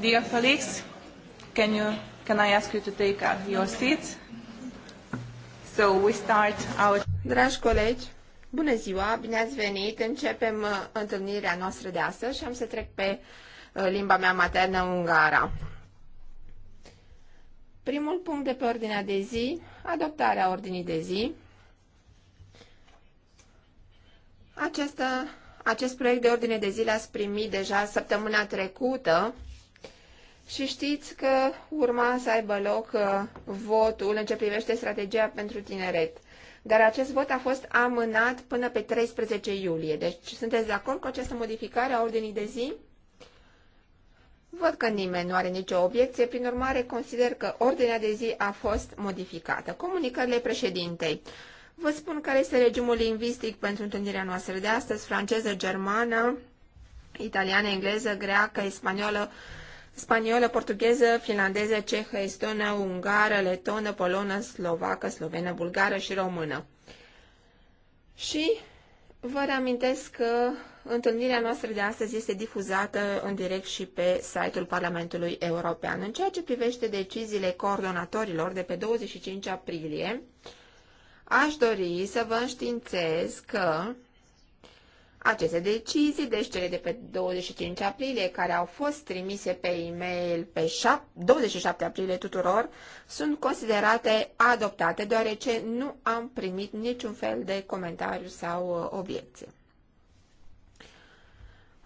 Dear colleagues, can you can I ask you to take uh, your seats? So we start our Dragi colegi, bună ziua, bine ați venit. Începem uh, întâlnirea noastră de astăzi și am să trec pe uh, limba mea maternă ungara. Primul punct de pe ordinea de zi, adoptarea ordinii de zi. Acest, acest proiect de ordine de zi l-ați primit deja săptămâna trecută și știți că urma să aibă loc uh, votul în ce privește strategia pentru tineret. Dar acest vot a fost amânat până pe 13 iulie. Deci sunteți de acord cu această modificare a ordinii de zi? Văd că nimeni nu are nicio obiecție, prin urmare consider că ordinea de zi a fost modificată. Comunicările președintei. Vă spun care este regimul lingvistic pentru întâlnirea noastră de astăzi, franceză, germană, italiană, engleză, greacă, spaniolă, spaniolă, portugheză, finlandeză, cehă, estonă, ungară, letonă, polonă, slovacă, slovenă, bulgară și română. Și vă reamintesc că întâlnirea noastră de astăzi este difuzată în direct și pe site-ul Parlamentului European. În ceea ce privește deciziile coordonatorilor de pe 25 aprilie, Aș dori să vă înștiințez că aceste decizii, deci cele de pe 25 aprilie, care au fost trimise pe e-mail pe 27 aprilie tuturor, sunt considerate adoptate, deoarece nu am primit niciun fel de comentariu sau uh, obiecție.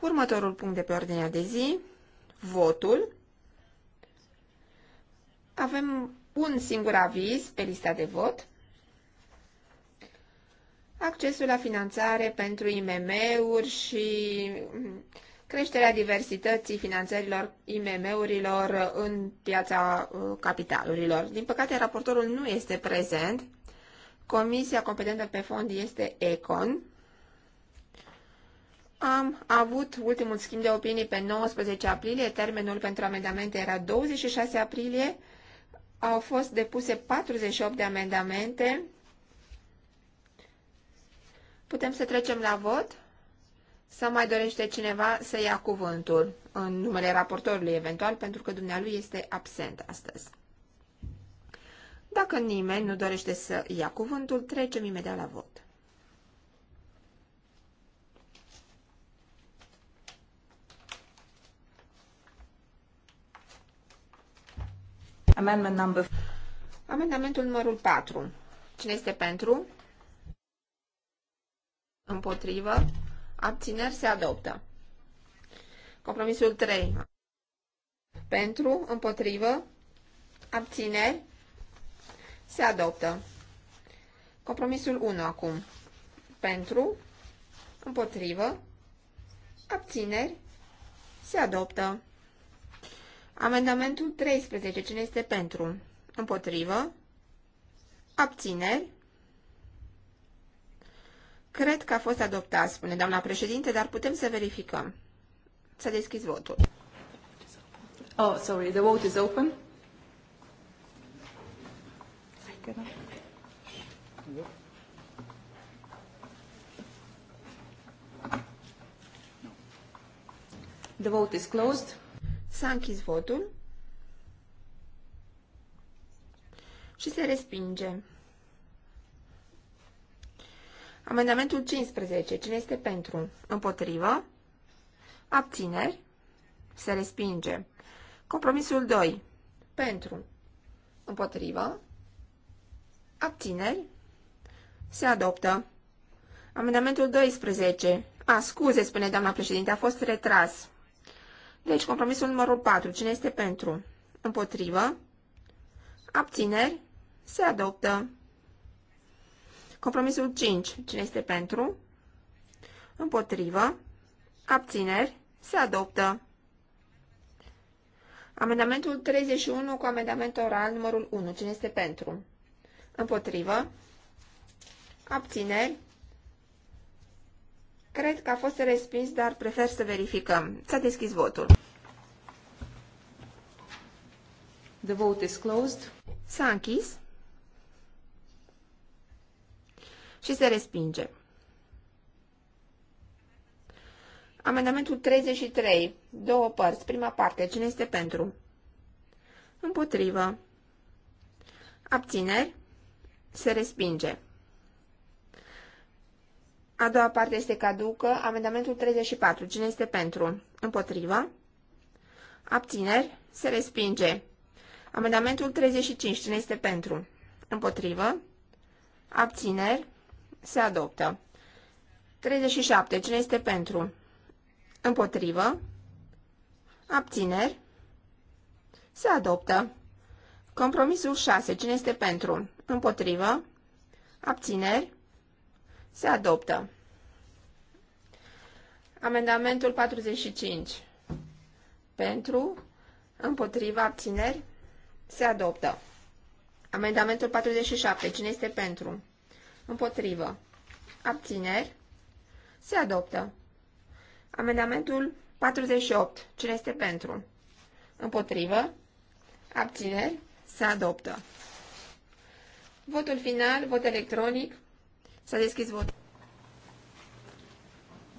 Următorul punct de pe ordinea de zi, votul. Avem un singur aviz pe lista de vot accesul la finanțare pentru IMM-uri și mm, creșterea diversității finanțărilor IMM-urilor în piața uh, capitalurilor. Din păcate, raportorul nu este prezent. Comisia competentă pe fond este ECON. Am avut ultimul schimb de opinii pe 19 aprilie, termenul pentru amendamente era 26 aprilie, au fost depuse 48 de amendamente, Putem să trecem la vot? Să mai dorește cineva să ia cuvântul în numele raportorului eventual, pentru că dumnealui este absent astăzi. Dacă nimeni nu dorește să ia cuvântul, trecem imediat la vot. Amendment number... Amendamentul numărul 4. Cine este pentru? împotrivă, abțineri se adoptă. Compromisul 3. Pentru, împotrivă, abțineri se adoptă. Compromisul 1 acum. Pentru, împotrivă, abțineri se adoptă. Amendamentul 13. Cine este pentru? Împotrivă? Abțineri? Cred că a fost adoptat, spune doamna președinte, dar putem să verificăm. Să deschis votul. Oh, sorry, the vote is open. The vote is closed. S-a închis votul și se respinge. Amendamentul 15. Cine este pentru? Împotrivă. Abțineri. Se respinge. Compromisul 2. Pentru. Împotrivă. Abțineri. Se adoptă. Amendamentul 12. A, scuze, spune doamna președinte, a fost retras. Deci, compromisul numărul 4. Cine este pentru? Împotrivă. Abțineri. Se adoptă. Compromisul 5. Cine este pentru? Împotrivă. Abțineri. Se adoptă. Amendamentul 31 cu amendament oral numărul 1. Cine este pentru? Împotrivă. Abțineri. Cred că a fost respins, dar prefer să verificăm. S-a deschis votul. The vote is closed. S-a închis. și se respinge. Amendamentul 33. Două părți. Prima parte. Cine este pentru? Împotrivă. Abțineri. Se respinge. A doua parte este caducă. Amendamentul 34. Cine este pentru? Împotrivă. Abțineri. Se respinge. Amendamentul 35. Cine este pentru? Împotrivă. Abțineri. Se adoptă. 37. Cine este pentru? Împotrivă. Abțineri. Se adoptă. Compromisul 6. Cine este pentru? Împotrivă. Abțineri. Se adoptă. Amendamentul 45. Pentru, Împotrivă. abțineri, se adoptă. Amendamentul 47. Cine este pentru? Împotrivă. Abțineri. Se adoptă. Amendamentul 48. Cine este pentru? Împotrivă. Abțineri. Se adoptă. Votul final, vot electronic. S-a deschis votul.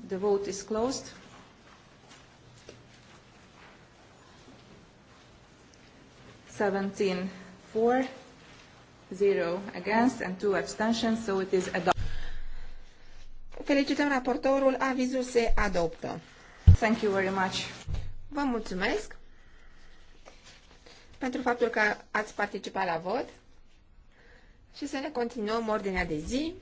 The vote is closed. Seventeen four zero against and two abstentions, so it is adopted. Felicităm raportorul, avizul se adoptă. Thank you very much. Vă mulțumesc pentru faptul că ați participat la vot și să ne continuăm ordinea de zi.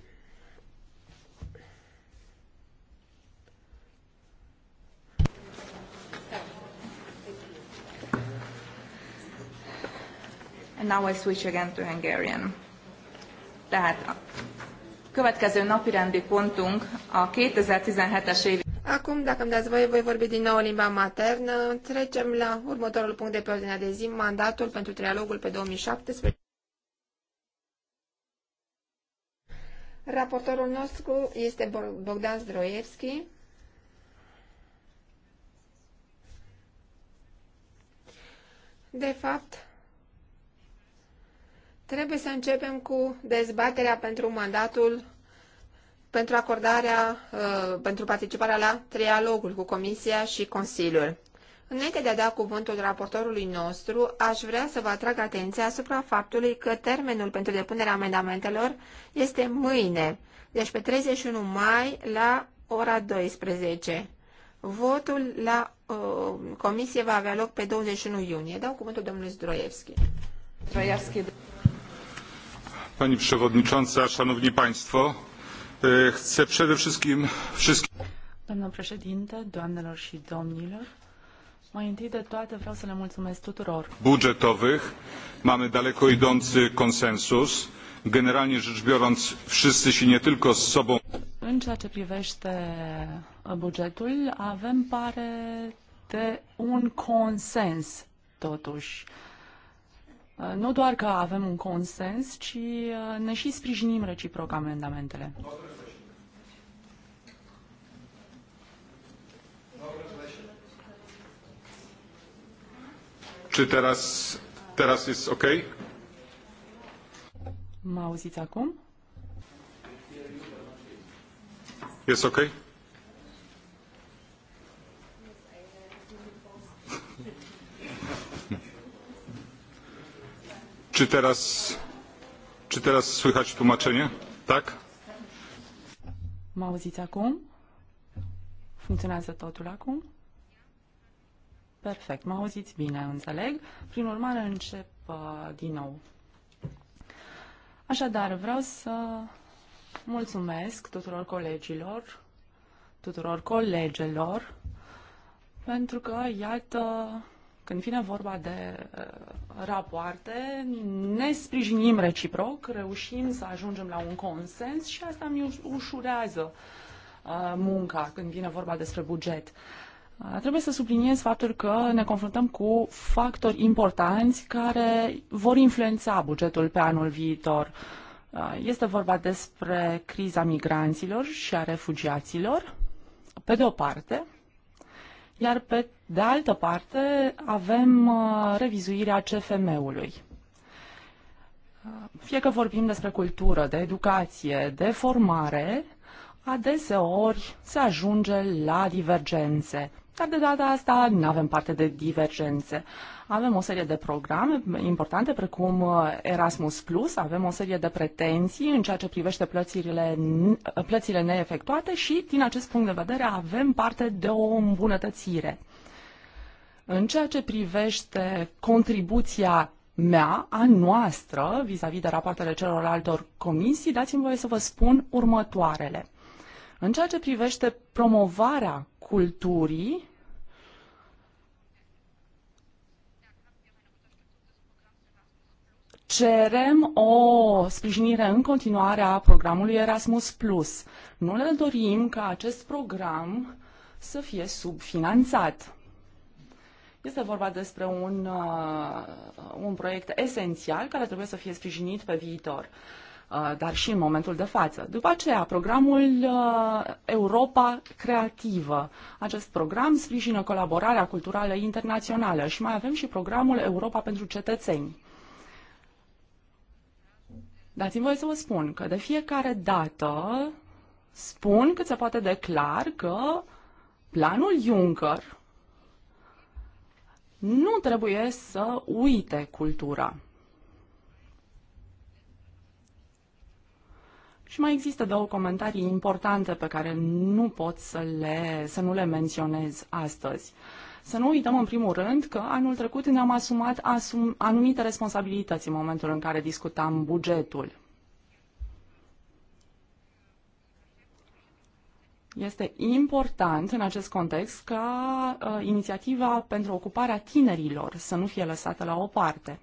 And now I switch again to Hungarian. Tehát következő napirendi pontunk a 2017-es év. Acum, dacă îmi dați voie, voi vorbi din nou în limba maternă. Trecem la următorul punct de pe ordinea de zi, mandatul pentru trialogul pe 2017. Raportorul nostru este Bogdan Zdroievski. De fapt, Trebuie să începem cu dezbaterea pentru mandatul pentru acordarea, uh, pentru participarea la trialogul cu Comisia și Consiliul. Înainte de a da cuvântul raportorului nostru, aș vrea să vă atrag atenția asupra faptului că termenul pentru depunerea amendamentelor este mâine, deci pe 31 mai la ora 12. Votul la uh, comisie va avea loc pe 21 iunie. Dau cuvântul domnului Zdroievski. Zdroievski pani przewodnicząca! szanowni państwo! chcę przede wszystkim wszystkim. doamnă președinte doamnelor și domnilor mai întâi de toate vreau să le mulțumesc tuturor. budżetowych mamy daleko idący konsensus. generalnie rzecz biorąc wszyscy się nie tylko z sobą. în ceea ce privește bugetul avem pare de un consens totuși. Uh, nu doar că avem un consens, ci uh, ne și sprijinim reciproc amendamentele. Czy teraz, teraz jest ok? Mă auziți acum? Jest ok? Czy teraz, czy teraz słychać tłumaczenie? Tak? Mă auziți acum? Funcționează totul acum? Perfect, mă auziți bine, înțeleg. Prin urmare, încep uh, din nou. Așadar, vreau să mulțumesc tuturor colegilor, tuturor colegelor, pentru că, iată, când vine vorba de uh, rapoarte, ne sprijinim reciproc, reușim să ajungem la un consens și asta mi ușurează uh, munca când vine vorba despre buget. Uh, trebuie să subliniez faptul că ne confruntăm cu factori importanți care vor influența bugetul pe anul viitor. Este vorba despre criza migranților și a refugiaților, pe de o parte, iar pe de altă parte avem uh, revizuirea CFM-ului. Uh, fie că vorbim despre cultură, de educație, de formare, adeseori se ajunge la divergențe. Dar de data asta nu avem parte de divergențe. Avem o serie de programe importante, precum uh, Erasmus+, Plus, avem o serie de pretenții în ceea ce privește plățile, uh, plățile neefectuate și, din acest punct de vedere, avem parte de o îmbunătățire. În ceea ce privește contribuția mea, a noastră, vis-a-vis -vis de rapoartele celorlaltor comisii, dați-mi voie să vă spun următoarele. În ceea ce privește promovarea culturii, cerem o sprijinire în continuare a programului Erasmus+. Nu ne dorim ca acest program să fie subfinanțat. Este vorba despre un, uh, un proiect esențial care trebuie să fie sprijinit pe viitor. Uh, dar și în momentul de față. După aceea, programul uh, Europa Creativă. Acest program sprijină colaborarea culturală internațională și mai avem și programul Europa pentru cetățeni. Dați-mi voie să vă spun că de fiecare dată spun cât se poate de clar că planul Juncker nu trebuie să uite cultura. Și mai există două comentarii importante pe care nu pot să, le, să nu le menționez astăzi. Să nu uităm, în primul rând, că anul trecut ne-am asumat asum, anumite responsabilități în momentul în care discutam bugetul. Este important în acest context ca uh, inițiativa pentru ocuparea tinerilor să nu fie lăsată la o parte.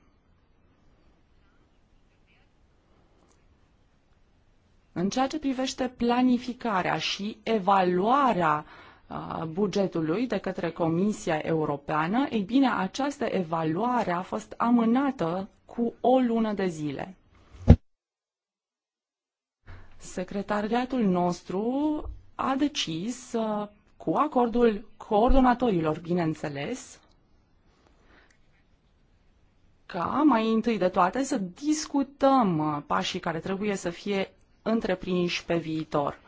În ceea ce privește planificarea și evaluarea uh, bugetului de către Comisia Europeană, ei bine, această evaluare a fost amânată cu o lună de zile. Secretariatul nostru a decis, uh, cu acordul coordonatorilor, bineînțeles, ca mai întâi de toate să discutăm uh, pașii care trebuie să fie întreprinși pe viitor.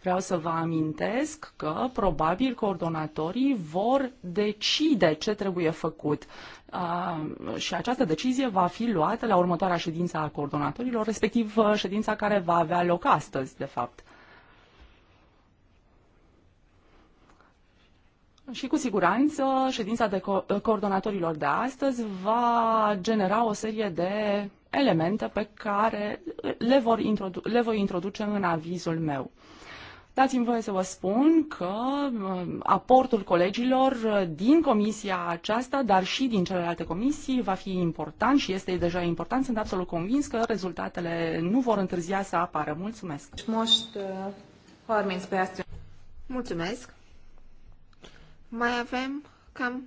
Vreau să vă amintesc că probabil coordonatorii vor decide ce trebuie făcut și această decizie va fi luată la următoarea ședință a coordonatorilor, respectiv uh, ședința care va avea loc astăzi, de fapt. Și cu siguranță ședința de co- uh, coordonatorilor de astăzi va genera o serie de elemente pe care le, vor introdu- le voi introduce în avizul meu. Dați-mi voie să vă spun că uh, aportul colegilor uh, din comisia aceasta, dar și din celelalte comisii, va fi important și este deja important. Sunt absolut convins că rezultatele nu vor întârzia să apară. Mulțumesc! Uh, Mulțumesc! Mai avem cam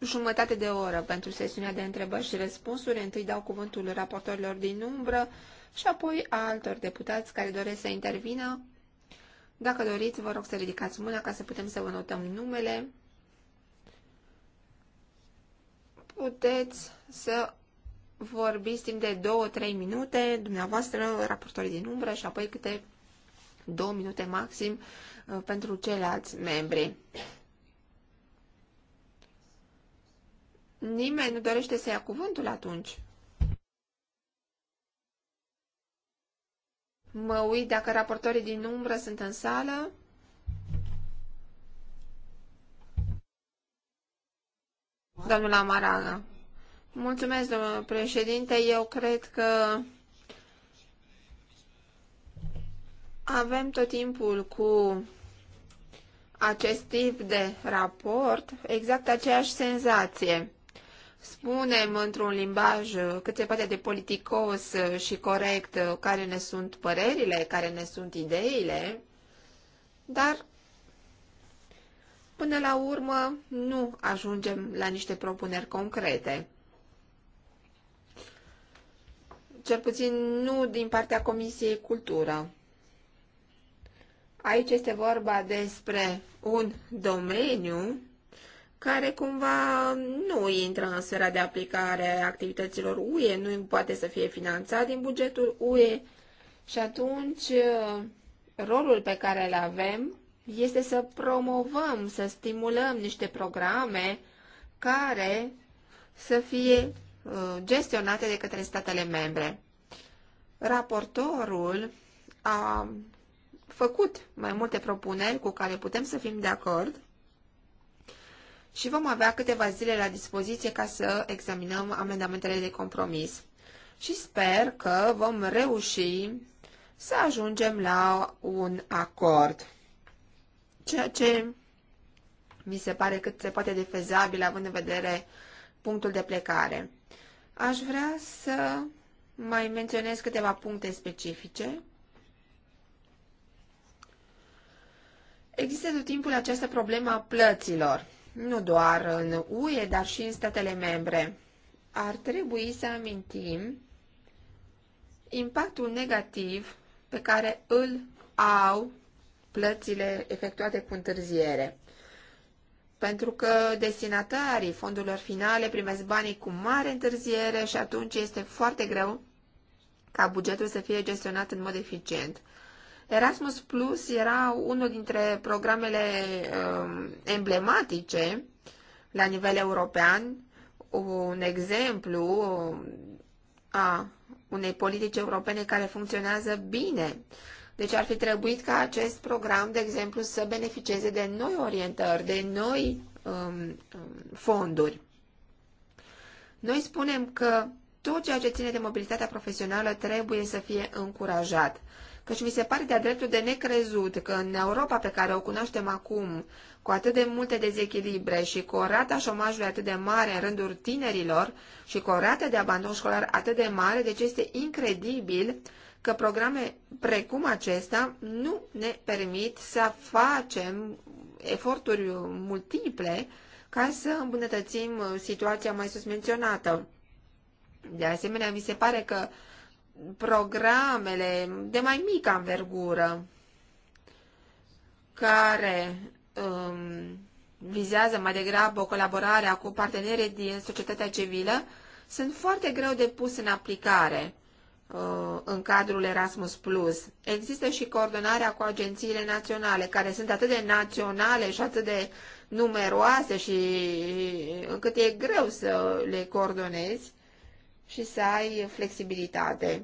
jumătate de oră pentru sesiunea de întrebări și răspunsuri. Întâi dau cuvântul raportorilor din umbră și apoi altor deputați care doresc să intervină. Dacă doriți, vă rog să ridicați mâna ca să putem să vă notăm numele. Puteți să vorbiți timp de 2-3 minute, dumneavoastră, raportorii din umbră și apoi câte 2 minute maxim uh, pentru ceilalți membri. Nimeni nu dorește să ia cuvântul atunci. Mă uit dacă raportorii din umbră sunt în sală. Domnul Amaraga. Mulțumesc, domnule președinte. Eu cred că avem tot timpul cu acest tip de raport exact aceeași senzație spunem într-un limbaj cât se poate de politicos și corect care ne sunt părerile, care ne sunt ideile, dar până la urmă nu ajungem la niște propuneri concrete. Cel puțin nu din partea Comisiei Cultură. Aici este vorba despre un domeniu care cumva nu intră în sfera de aplicare a activităților UE, nu poate să fie finanțat din bugetul UE și atunci rolul pe care îl avem este să promovăm, să stimulăm niște programe care să fie uh, gestionate de către statele membre. Raportorul a făcut mai multe propuneri cu care putem să fim de acord și vom avea câteva zile la dispoziție ca să examinăm amendamentele de compromis. Și sper că vom reuși să ajungem la un acord. Ceea ce mi se pare cât se poate de fezabil, având în vedere punctul de plecare. Aș vrea să mai menționez câteva puncte specifice. Există tot timpul această problemă a plăților nu doar în UE, dar și în statele membre. Ar trebui să amintim impactul negativ pe care îl au plățile efectuate cu întârziere. Pentru că destinatarii fondurilor finale primesc banii cu mare întârziere și atunci este foarte greu ca bugetul să fie gestionat în mod eficient. Erasmus Plus era unul dintre programele uh, emblematice la nivel european, un exemplu um, a unei politici europene care funcționează bine. Deci ar fi trebuit ca acest program, de exemplu, să beneficieze de noi orientări, de noi um, fonduri. Noi spunem că tot ceea ce ține de mobilitatea profesională trebuie să fie încurajat căci mi se pare de-a dreptul de necrezut că în Europa pe care o cunoaștem acum, cu atât de multe dezechilibre și cu o rată a șomajului atât de mare în rândul tinerilor și cu o rată de abandon școlar atât de mare, deci este incredibil că programe precum acesta nu ne permit să facem eforturi multiple ca să îmbunătățim situația mai sus menționată. De asemenea, mi se pare că programele de mai mică învergură care um, vizează mai degrabă colaborarea cu parteneri din societatea civilă, sunt foarte greu de pus în aplicare uh, în cadrul Erasmus+. Plus. Există și coordonarea cu agențiile naționale, care sunt atât de naționale și atât de numeroase și încât e greu să le coordonezi și să ai flexibilitate.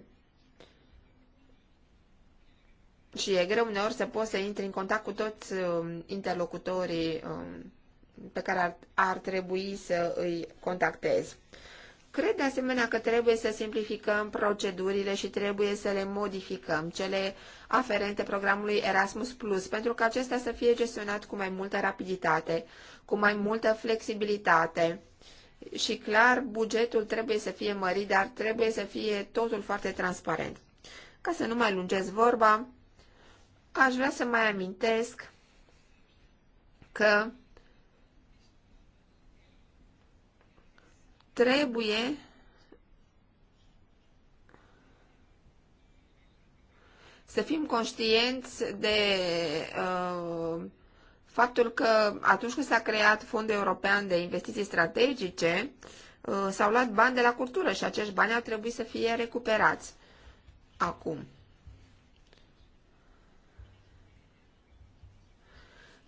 Și e greu uneori să poți să intri în contact cu toți um, interlocutorii um, pe care ar, ar trebui să îi contactezi. Cred de asemenea că trebuie să simplificăm procedurile și trebuie să le modificăm, cele aferente programului Erasmus Plus, pentru că acesta să fie gestionat cu mai multă rapiditate, cu mai multă flexibilitate și clar bugetul trebuie să fie mărit, dar trebuie să fie totul foarte transparent. Ca să nu mai lungesc vorba, aș vrea să mai amintesc că trebuie să fim conștienți de uh, faptul că atunci când s-a creat Fondul European de Investiții Strategice, uh, s-au luat bani de la cultură și acești bani ar trebui să fie recuperați acum.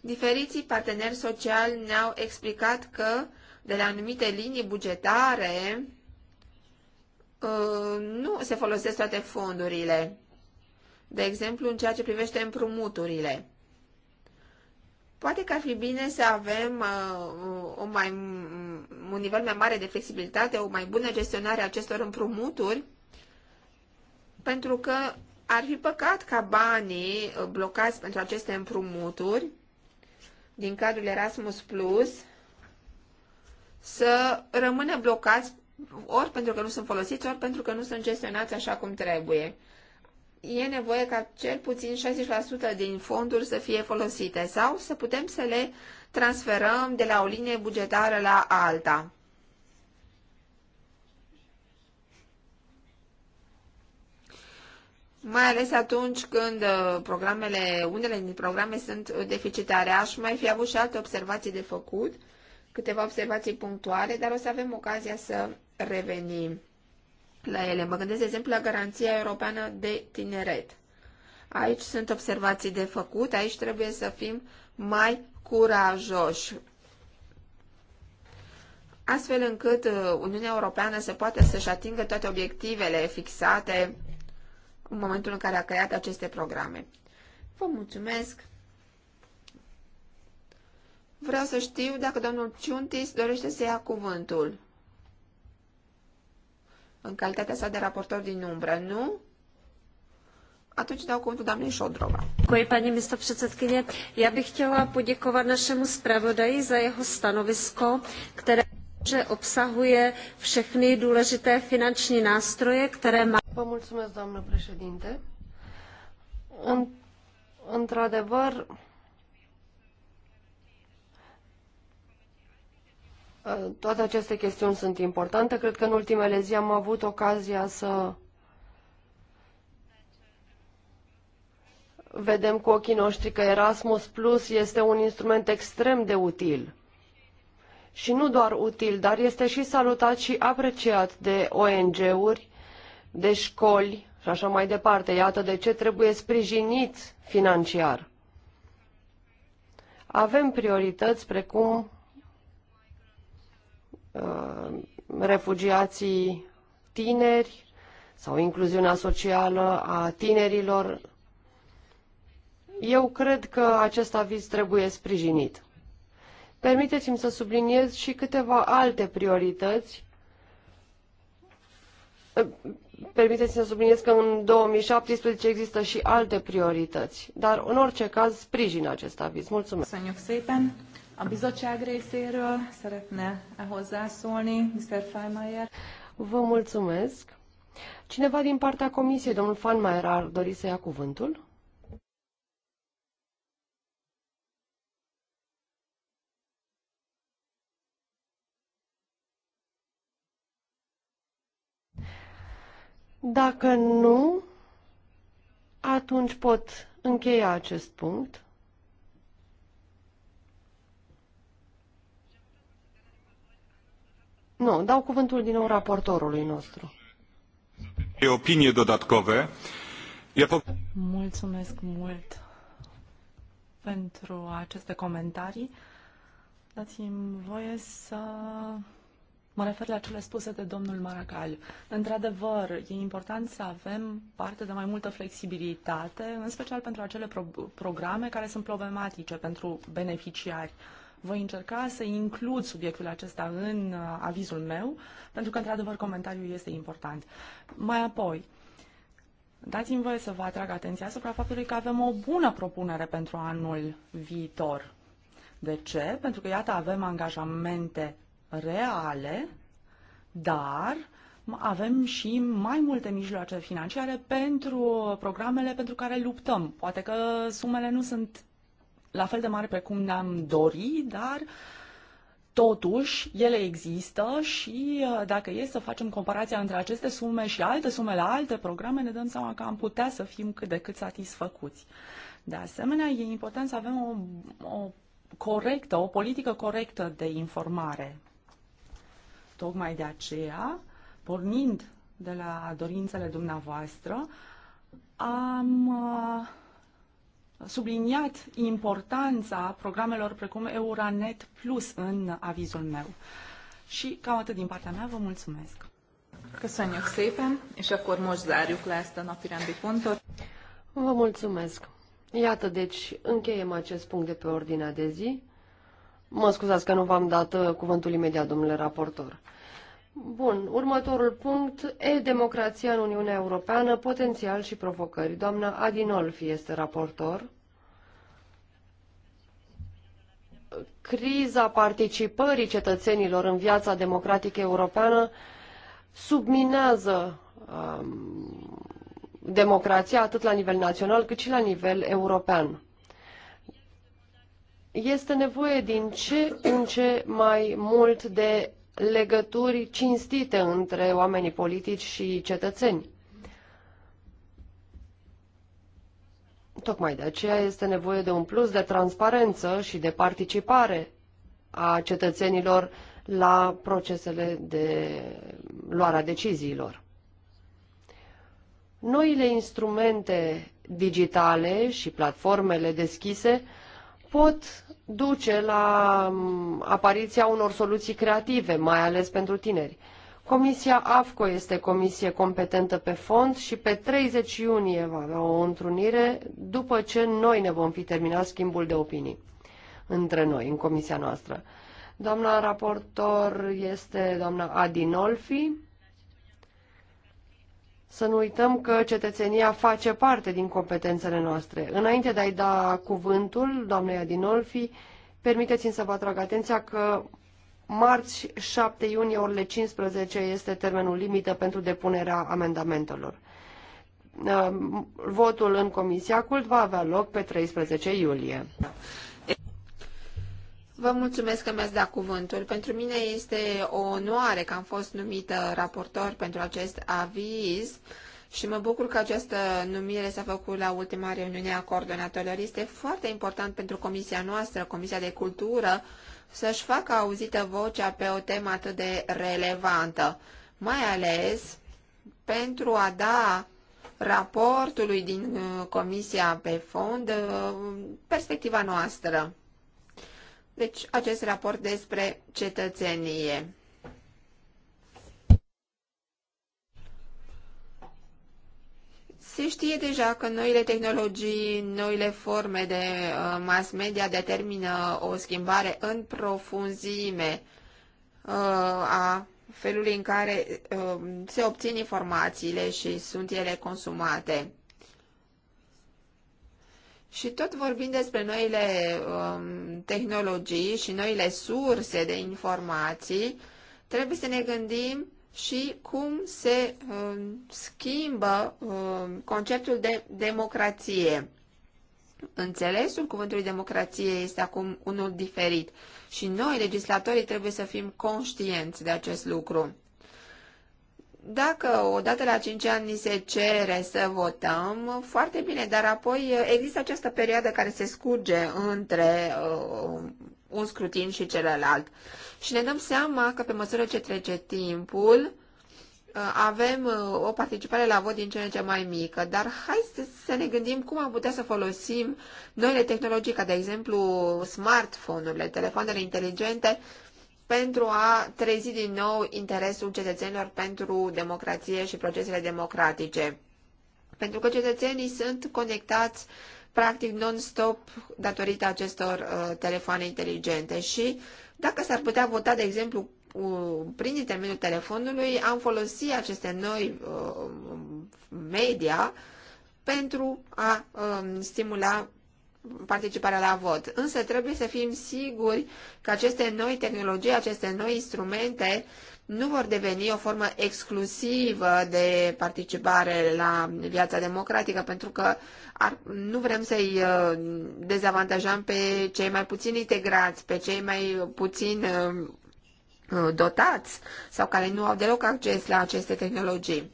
Diferiții parteneri sociali ne-au explicat că de la anumite linii bugetare uh, nu se folosesc toate fondurile. De exemplu, în ceea ce privește împrumuturile. Poate că ar fi bine să avem uh, o mai, un nivel mai mare de flexibilitate, o mai bună gestionare a acestor împrumuturi, pentru că ar fi păcat ca banii uh, blocați pentru aceste împrumuturi din cadrul Erasmus Plus să rămână blocați ori pentru că nu sunt folosiți, ori pentru că nu sunt gestionați așa cum trebuie e nevoie ca cel puțin 60% din fonduri să fie folosite sau să putem să le transferăm de la o linie bugetară la alta. mai ales atunci când uh, programele, unele din programe sunt deficitare. Aș mai fi avut și alte observații de făcut, câteva observații punctuale, dar o să avem ocazia să revenim la ele. Mă gândesc, de exemplu, la Garanția Europeană de Tineret. Aici sunt observații de făcut, aici trebuie să fim mai curajoși, astfel încât uh, Uniunea Europeană să poată să-și atingă toate obiectivele fixate în momentul în care a creat aceste programe. Vă mulțumesc! Vreau să știu dacă domnul Ciuntis dorește să ia cuvântul în calitatea sa de raportor din umbră, nu? Atunci dau cuvântul doamnei Șodrova. Děkuji, paní místo předsedkyně. Já bych chtěla poděkovat našemu zpravodaji za jeho stanovisko, které že obsahuje všechny důležité finanční nástroje, které má... Pomůžeme, dámy doamnă președinte. Într-adevăr, Toate aceste chestiuni sunt importante. Cred că în ultimele zi am avut ocazia să vedem cu ochii noștri că Erasmus Plus este un instrument extrem de util. Și nu doar util, dar este și salutat și apreciat de ONG-uri, de școli și așa mai departe. Iată de ce trebuie sprijinit financiar. Avem priorități precum Uh, refugiații tineri sau incluziunea socială a tinerilor. Eu cred că acest aviz trebuie sprijinit. Permiteți-mi să subliniez și câteva alte priorități. Uh, permiteți-mi să subliniez că în 2017 există și alte priorități, dar în orice caz sprijin acest aviz. Mulțumesc! A bizottság részéről szeretne hozzászólni Mr. Feinmeier. Vă mulțumesc. Cineva din partea comisiei, domnul Feinmeier, ar dori să ia cuvântul? Dacă nu, atunci pot încheia acest punct. Nu, dau cuvântul din nou raportorului nostru. E opinie dodatcove. Mulțumesc mult pentru aceste comentarii. Dați-mi voie să mă refer la cele spuse de domnul Maracal. Într-adevăr, e important să avem parte de mai multă flexibilitate, în special pentru acele pro- programe care sunt problematice pentru beneficiari. Uh, voi încerca să includ subiectul acesta în uh, avizul meu, pentru că, într-adevăr, comentariul este important. Mai apoi, dați-mi voie să vă atrag atenția asupra faptului că avem o bună propunere pentru anul viitor. De ce? Pentru că, iată, avem angajamente reale, dar avem și mai multe mijloace financiare pentru programele pentru care luptăm. Poate că sumele nu sunt la fel de mari precum ne-am dori, dar totuși ele există și uh, dacă e să facem comparația între aceste sume și alte sume la alte programe, ne dăm seama că am putea să fim cât de cât satisfăcuți. De asemenea, e important să avem o, o corectă, o politică corectă de informare. Tocmai de aceea, pornind de la dorințele dumneavoastră, am uh, subliniat importanța programelor precum Euronet Plus în avizul meu. Și cam atât din partea mea, vă mulțumesc. Köszönjük szépen, és akkor most zárjuk le ezt a napirendi pontot. Vă mulțumesc. Iată, deci, încheiem acest punct de pe ordinea de zi. Mă scuzați că nu v-am dat uh, cuvântul imediat, domnule raportor. Bun, următorul punct, e-democrația în Uniunea Europeană, potențial și provocări. Doamna Adinolfi este raportor. Criza participării cetățenilor în viața democratică europeană subminează um, democrația atât la nivel național cât și la nivel european. Este nevoie din ce în ce mai mult de legături cinstite între oamenii politici și cetățeni. Tocmai de aceea este nevoie de un plus de transparență și de participare a cetățenilor la procesele de luarea deciziilor. Noile instrumente digitale și platformele deschise pot duce la mm, apariția unor soluții creative, mai ales pentru tineri. Comisia AFCO este comisie competentă pe fond și pe 30 iunie va avea o întrunire după ce noi ne vom fi terminat schimbul de opinii între noi, în comisia noastră. Doamna raportor este doamna Adinolfi să nu uităm că cetățenia face parte din competențele noastre. Înainte de a-i da cuvântul doamnei Adinolfi, permiteți-mi să vă atrag atenția că marți 7 iunie orele 15 este termenul limită pentru depunerea amendamentelor. Ehm, votul în Comisia Cult va avea loc pe 13 iulie. Vă mulțumesc că mi-ați dat cuvântul. Pentru mine este o onoare că am fost numită raportor pentru acest aviz și mă bucur că această numire s-a făcut la ultima reuniune a coordonatorilor. Este foarte important pentru comisia noastră, Comisia de Cultură, să-și facă auzită vocea pe o temă atât de relevantă, mai ales pentru a da raportului din uh, Comisia pe fond uh, perspectiva noastră. Deci, acest raport despre cetățenie. Se știe deja că noile tehnologii, noile forme de uh, mass media determină o schimbare în profunzime uh, a felului în care uh, se obțin informațiile și sunt ele consumate. Și tot vorbind despre noile um, tehnologii și noile surse de informații, trebuie să ne gândim și cum se um, schimbă um, conceptul de democrație. Înțelesul cuvântului democrație este acum unul diferit și noi, legislatorii, trebuie să fim conștienți de acest lucru. Dacă odată la 5 ani ni se cere să votăm, foarte bine, dar apoi uh, există această perioadă care se scurge între uh, un scrutin și celălalt. Și ne dăm seama că pe măsură ce trece timpul, uh, avem uh, o participare la vot din ce în ce mai mică, dar hai să, să ne gândim cum am putea să folosim noile tehnologii, ca de exemplu smartphone-urile, telefoanele inteligente, uh, pentru a trezi din nou interesul cetățenilor pentru democrație și procesele democratice. Pentru că cetățenii sunt conectați practic non-stop datorită acestor uh, telefoane inteligente și dacă s-ar putea vota, de exemplu, prin intermediul telefonului, am folosit aceste noi uh, media pentru a uh, stimula participarea la vot. Însă trebuie să fim siguri că aceste noi tehnologii, aceste noi instrumente nu vor deveni o formă exclusivă de participare la viața democratică, pentru că ar, nu vrem să-i uh, dezavantajăm pe cei mai puțin integrați, pe cei mai puțin uh, uh, dotați sau care nu au deloc acces la aceste tehnologii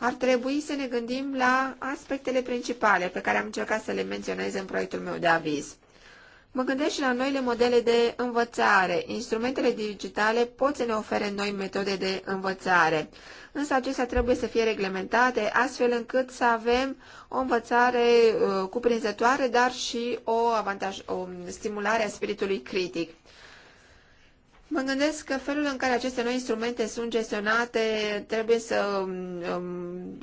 ar trebui să ne gândim la aspectele principale pe care am încercat să le menționez în proiectul meu de aviz. Mă gândesc și la noile modele de învățare. Instrumentele digitale pot să ne ofere noi metode de învățare, însă acestea trebuie să fie reglementate astfel încât să avem o învățare uh, cuprinzătoare, dar și o, avantaj, o stimulare a spiritului critic. Mă gândesc că felul în care aceste noi instrumente sunt gestionate trebuie să um, um,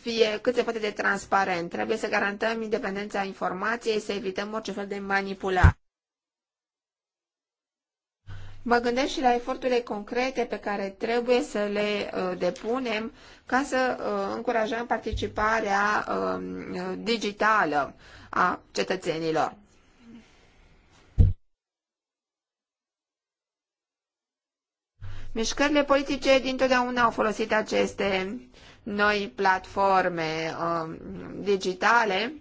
fie cât se poate de transparent. Trebuie să garantăm independența informației, să evităm orice fel de manipulare. Mă gândesc și la eforturile concrete pe care trebuie să le uh, depunem ca să uh, încurajăm participarea uh, digitală a cetățenilor. Mișcările politice dintotdeauna au folosit aceste noi platforme uh, digitale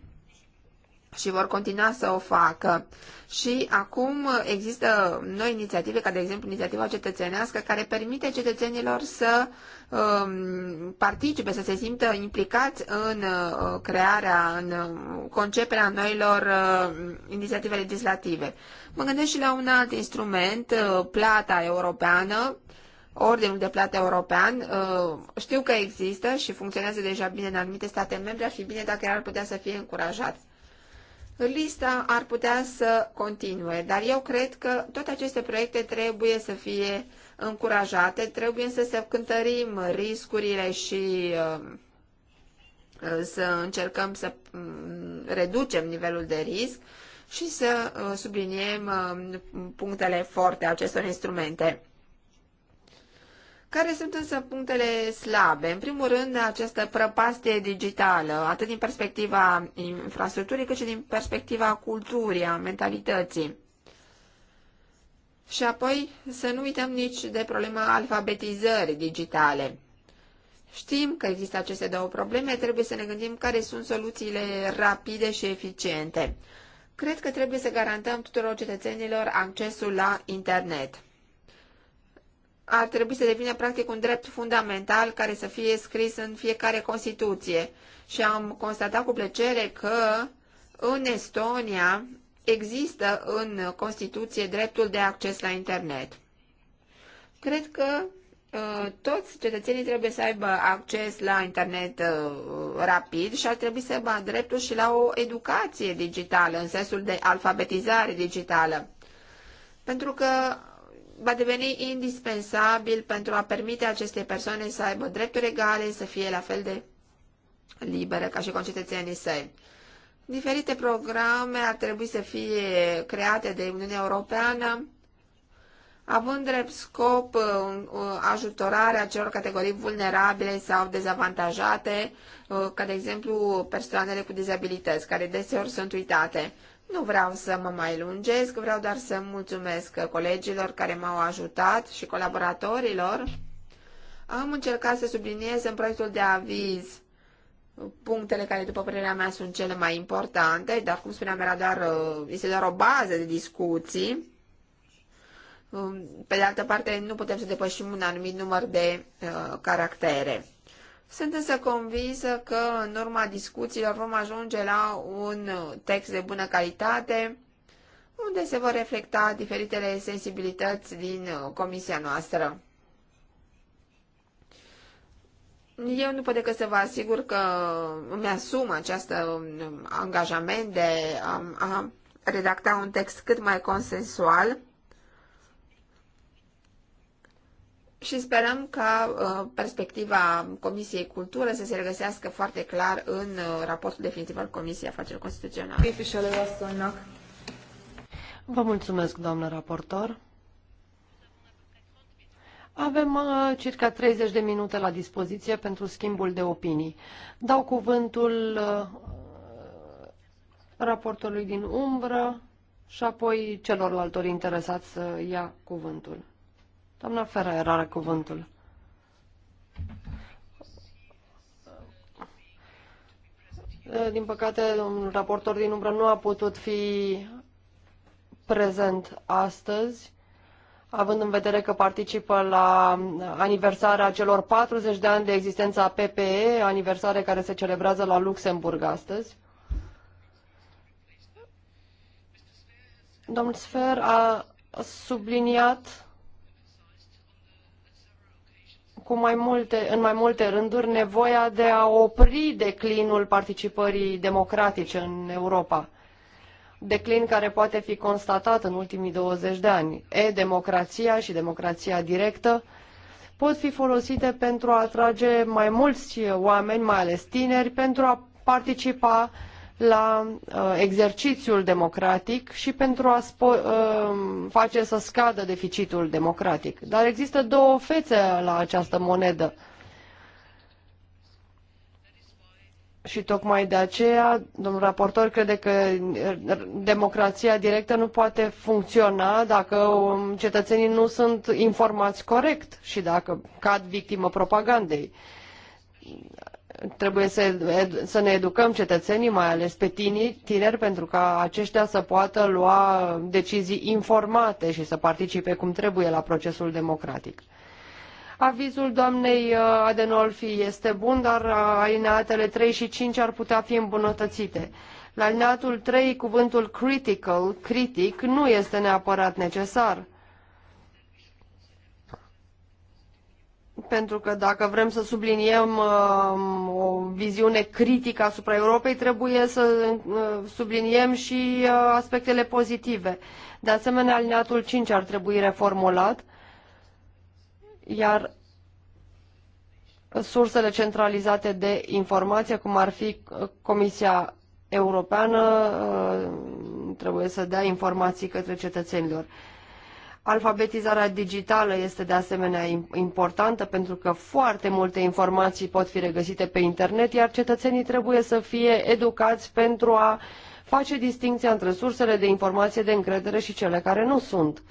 și vor continua să o facă. Și acum există noi inițiative, ca de exemplu inițiativa cetățenească, care permite cetățenilor să um, participe, să se simtă implicați în uh, crearea, în uh, conceperea noilor uh, inițiative legislative. Mă gândesc și la un alt instrument, uh, plata europeană, ordinul de plată european. Uh, știu că există și funcționează deja bine în anumite state membre, ar fi bine dacă ar putea să fie încurajat. Lista ar putea să continue, dar eu cred că toate aceste proiecte trebuie să fie încurajate, trebuie să se cântărim riscurile și uh, să încercăm să mm, reducem nivelul de risc și să uh, subliniem punctele forte acestor instrumente. Care sunt însă punctele slabe? În primul rând, această prăpastie digitală, atât din perspectiva infrastructurii, cât și din perspectiva culturii, a mentalității. Și apoi să nu uităm nici de problema alfabetizării digitale. Știm că există aceste două probleme, trebuie să ne gândim care sunt soluțiile rapide și eficiente. Cred că trebuie să garantăm tuturor cetățenilor accesul la internet ar trebui să devină practic un drept fundamental care să fie scris în fiecare Constituție. Și am constatat cu plăcere că în Estonia există în Constituție dreptul de acces la internet. Cred că uh, toți cetățenii trebuie să aibă acces la internet uh, rapid și ar trebui să aibă dreptul și la o educație digitală, în sensul de alfabetizare digitală. Pentru că va deveni indispensabil pentru a permite acestei persoane să aibă drepturi egale, să fie la fel de liberă ca și concetățenii săi. Diferite programe ar trebui să fie create de Uniunea Europeană, având drept scop uh, uh, ajutorarea celor categorii vulnerabile sau dezavantajate, uh, ca de exemplu persoanele cu dizabilități, care deseori sunt uitate. Nu vreau să mă mai lungesc, vreau doar să mulțumesc colegilor care m-au ajutat și colaboratorilor. Am încercat să subliniez în proiectul de aviz punctele care, după părerea mea, sunt cele mai importante, dar, cum spuneam, era doar, uh, este doar o bază de discuții. Um, pe de altă parte, nu putem să depășim un anumit număr de uh, caractere. Sunt însă convinsă că în urma discuțiilor vom ajunge la un text de bună calitate, unde se vor reflecta diferitele sensibilități din uh, comisia noastră. Eu nu pot decât să vă asigur că îmi asum acest um, angajament de a, a redacta un text cât mai consensual și sperăm ca uh, perspectiva Comisiei Cultură să se regăsească foarte clar în uh, raportul definitiv al Comisiei Afaceri Constituționale. Vă mulțumesc, doamnă raportor. Avem uh, circa 30 de minute la dispoziție pentru schimbul de opinii. Dau cuvântul uh, raportorului din umbră și apoi celorlaltor interesați să ia cuvântul. Doamna Ferrer are cuvântul. Din păcate, domnul raportor din umbră nu a putut fi prezent astăzi, având în vedere că participă la aniversarea celor 40 de ani de existență a PPE, aniversare care se celebrează la Luxemburg astăzi. Domnul Sfer a subliniat cu mai multe, în mai multe rânduri nevoia de a opri declinul participării democratice în Europa. Declin care poate fi constatat în ultimii 20 de ani. E-democrația și democrația directă pot fi folosite pentru a atrage mai mulți oameni, mai ales tineri, pentru a participa uh, la uh, exercițiul democratic și pentru a uh, face să scadă deficitul democratic. Dar există două fețe la această monedă. Și tocmai de aceea, domnul raportor crede că democrația directă nu poate funcționa dacă um, cetățenii nu sunt informați corect și dacă cad victimă propagandei Trebuie să, să ne educăm cetățenii, mai ales pe tineri, tineri, pentru ca aceștia să poată lua decizii informate și să participe cum trebuie la procesul democratic. Avizul doamnei uh, Adenolfi este bun, dar uh, alineatele 3 și 5 ar putea fi îmbunătățite. La alineatul 3, cuvântul critical, critic, nu este neapărat necesar Pentru că dacă vrem să subliniem uh, o viziune critică asupra Europei, trebuie să uh, subliniem și uh, aspectele pozitive. De asemenea, alineatul 5 ar trebui reformulat, iar sursele centralizate de informație, cum ar fi uh, Comisia Europeană, uh, trebuie să dea informații către cetățenilor. Alfabetizarea digitală este de asemenea importantă pentru că foarte multe informații pot fi regăsite pe internet, iar cetățenii trebuie să fie educați pentru a face distinția între sursele de informație de încredere și cele care nu sunt.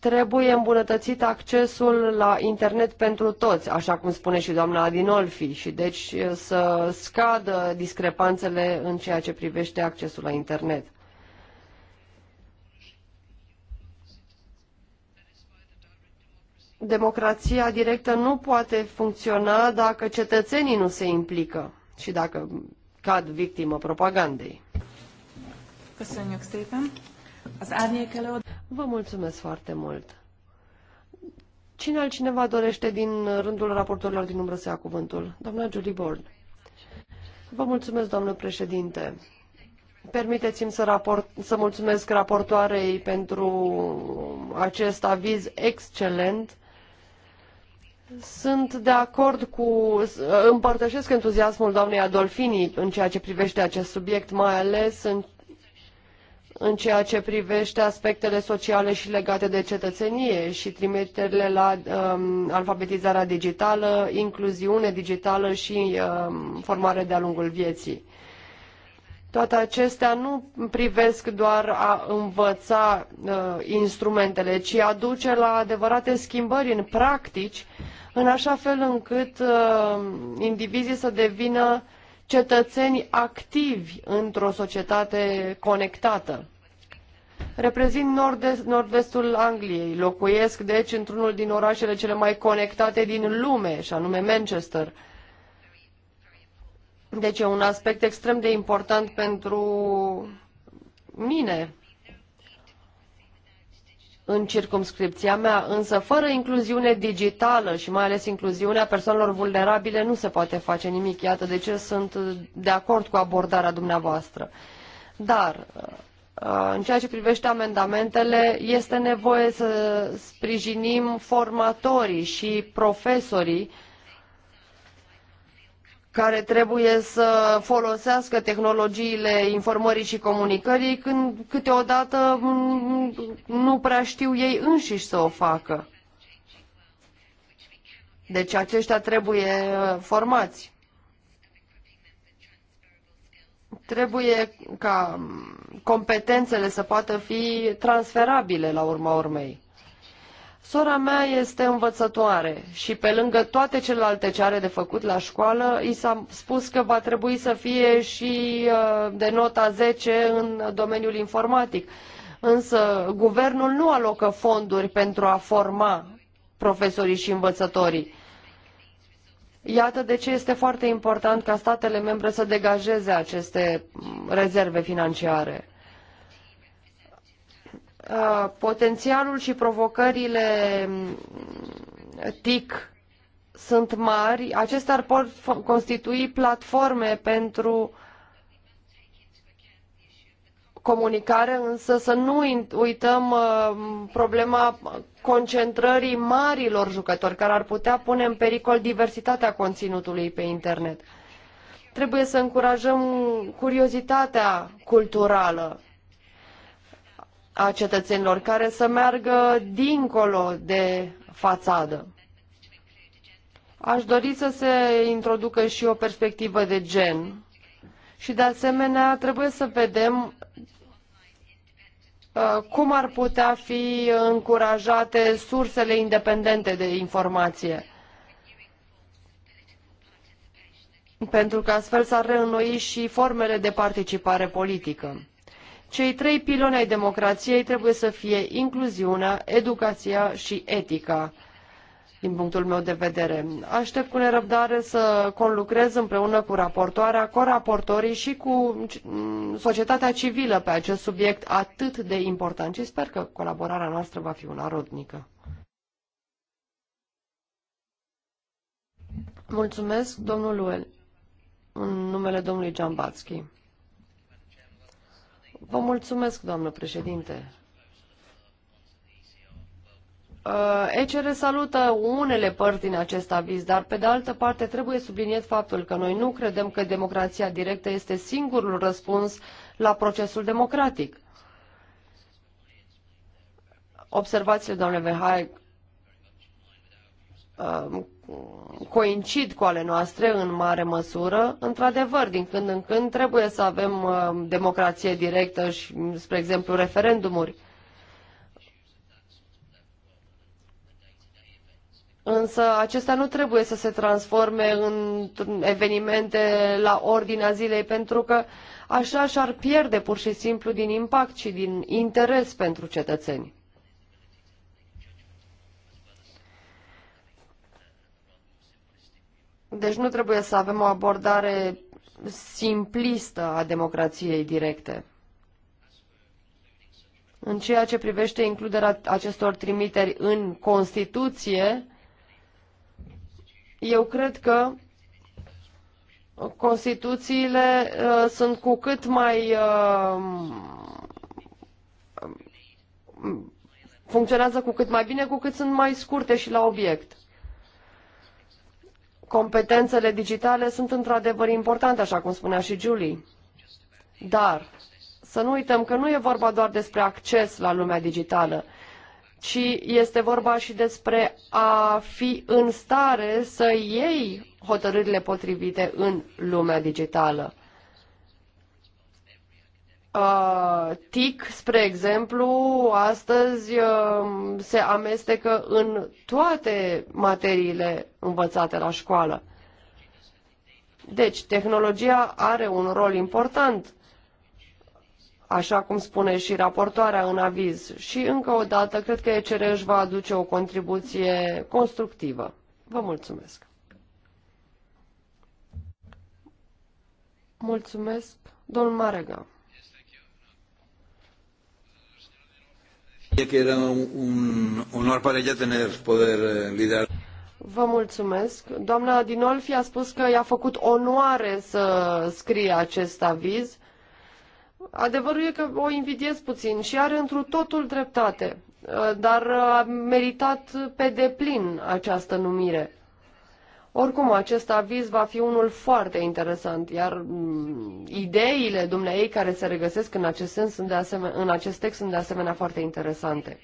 Trebuie îmbunătățit accesul la internet pentru toți, așa cum spune și doamna Adinolfi, și deci să scadă discrepanțele în ceea ce privește accesul la internet. democrația directă nu poate funcționa dacă cetățenii nu se implică și dacă cad victimă propagandei. Vă mulțumesc foarte mult. Cine altcineva dorește din rândul raportorilor din umbră să ia cuvântul? Doamna Julie Bourne. Vă mulțumesc, doamnă președinte. Permiteți-mi să, raport, să mulțumesc raportoarei pentru acest aviz excelent sunt de acord cu, împărtășesc entuziasmul doamnei Adolfini în ceea ce privește acest subiect, mai ales în, în ceea ce privește aspectele sociale și legate de cetățenie și trimiterile la um, alfabetizarea digitală, incluziune digitală și um, formare de-a lungul vieții. Toate acestea nu privesc doar a învăța uh, instrumentele, ci aduce la adevărate schimbări în practici în așa fel încât uh, indivizii să devină cetățeni activi într-o societate conectată. Reprezint nord nord-vestul Angliei, locuiesc deci într-unul din orașele cele mai conectate din lume, și anume Manchester. Deci e un aspect extrem de important pentru mine, în circumscripția mea, însă fără incluziune digitală și mai ales incluziunea persoanelor vulnerabile nu se poate face nimic. Iată de ce sunt de acord cu abordarea dumneavoastră. Dar uh, în ceea ce privește amendamentele, este nevoie să sprijinim formatorii și profesorii care trebuie să folosească tehnologiile informării și comunicării când câteodată nu prea știu ei înșiși să o facă. Deci aceștia trebuie uh, formați. Trebuie ca um, competențele să poată fi transferabile la urma urmei. Sora mea este învățătoare și pe lângă toate celelalte ce are de făcut la școală, i s-a spus că va trebui să fie și uh, de nota 10 în domeniul informatic. Însă guvernul nu alocă fonduri pentru a forma profesorii și învățătorii. Iată de ce este foarte important ca statele membre să degajeze aceste mm, rezerve financiare. Uh, potențialul și provocările mm, TIC sunt mari, acestea ar pot constitui platforme pentru comunicare, însă să nu uităm uh, problema concentrării marilor jucători care ar putea pune în pericol diversitatea conținutului pe internet. Trebuie să încurajăm curiozitatea culturală a cetățenilor, care să meargă dincolo de fațadă. Aș dori să se introducă și o perspectivă de gen și, de asemenea, trebuie să vedem uh, cum ar putea fi încurajate sursele independente de informație. Pentru că astfel s-ar reînnoi și formele de participare politică. Cei trei piloni ai democrației trebuie să fie incluziunea, educația și etica, din punctul meu de vedere. Aștept cu nerăbdare să conlucrez împreună cu raportoarea, cu raportorii și cu mm, societatea civilă pe acest subiect atât de important și sper că colaborarea noastră va fi una rodnică. Mulțumesc, domnul Luel, în numele domnului Giambatski. Vă mulțumesc, președinte. Uh, ECR salută unele părți din acest aviz, dar pe de altă parte trebuie subliniat faptul că noi nu credem că democrația directă este singurul răspuns la procesul democratic. Observațiile, doamne Verhaeg, uh, coincid cu ale noastre în mare măsură. Într-adevăr, din când în când trebuie să avem uh, democrație directă și, spre exemplu, referendumuri. Însă acestea nu trebuie să se transforme în evenimente la ordinea zilei, pentru că așa și-ar pierde pur și simplu din impact și din interes pentru cetățeni. Deci nu trebuie să avem o abordare simplistă a democrației directe. În ceea ce privește includerea acestor trimiteri în Constituție, eu cred că Constituțiile uh, sunt cu cât mai uh, funcționează cu cât mai bine, cu cât sunt mai scurte și la obiect competențele digitale sunt într-adevăr importante, așa cum spunea și Julie. Dar să nu uităm că nu e vorba doar despre acces la lumea digitală, ci este vorba și despre a fi în stare să iei hotărârile potrivite în lumea digitală. TIC, spre exemplu, astăzi se amestecă în toate materiile învățate la școală. Deci, tehnologia are un rol important, așa cum spune și raportoarea în aviz. Și, încă o dată, cred că ECR își va aduce o contribuție constructivă. Vă mulțumesc! Mulțumesc, domnul Marega. că era un poder eh, Vă mulțumesc. Doamna Dinolfi a spus că i-a făcut onoare să scrie acest aviz. Adevărul e că o invidiez puțin și are întru totul dreptate, eh, dar a meritat pe deplin această numire. Oricum, acest aviz va fi unul foarte interesant, iar mm, ideile dumneai care se regăsesc în acest, sens sunt de asemenea, în acest text sunt de asemenea foarte interesante.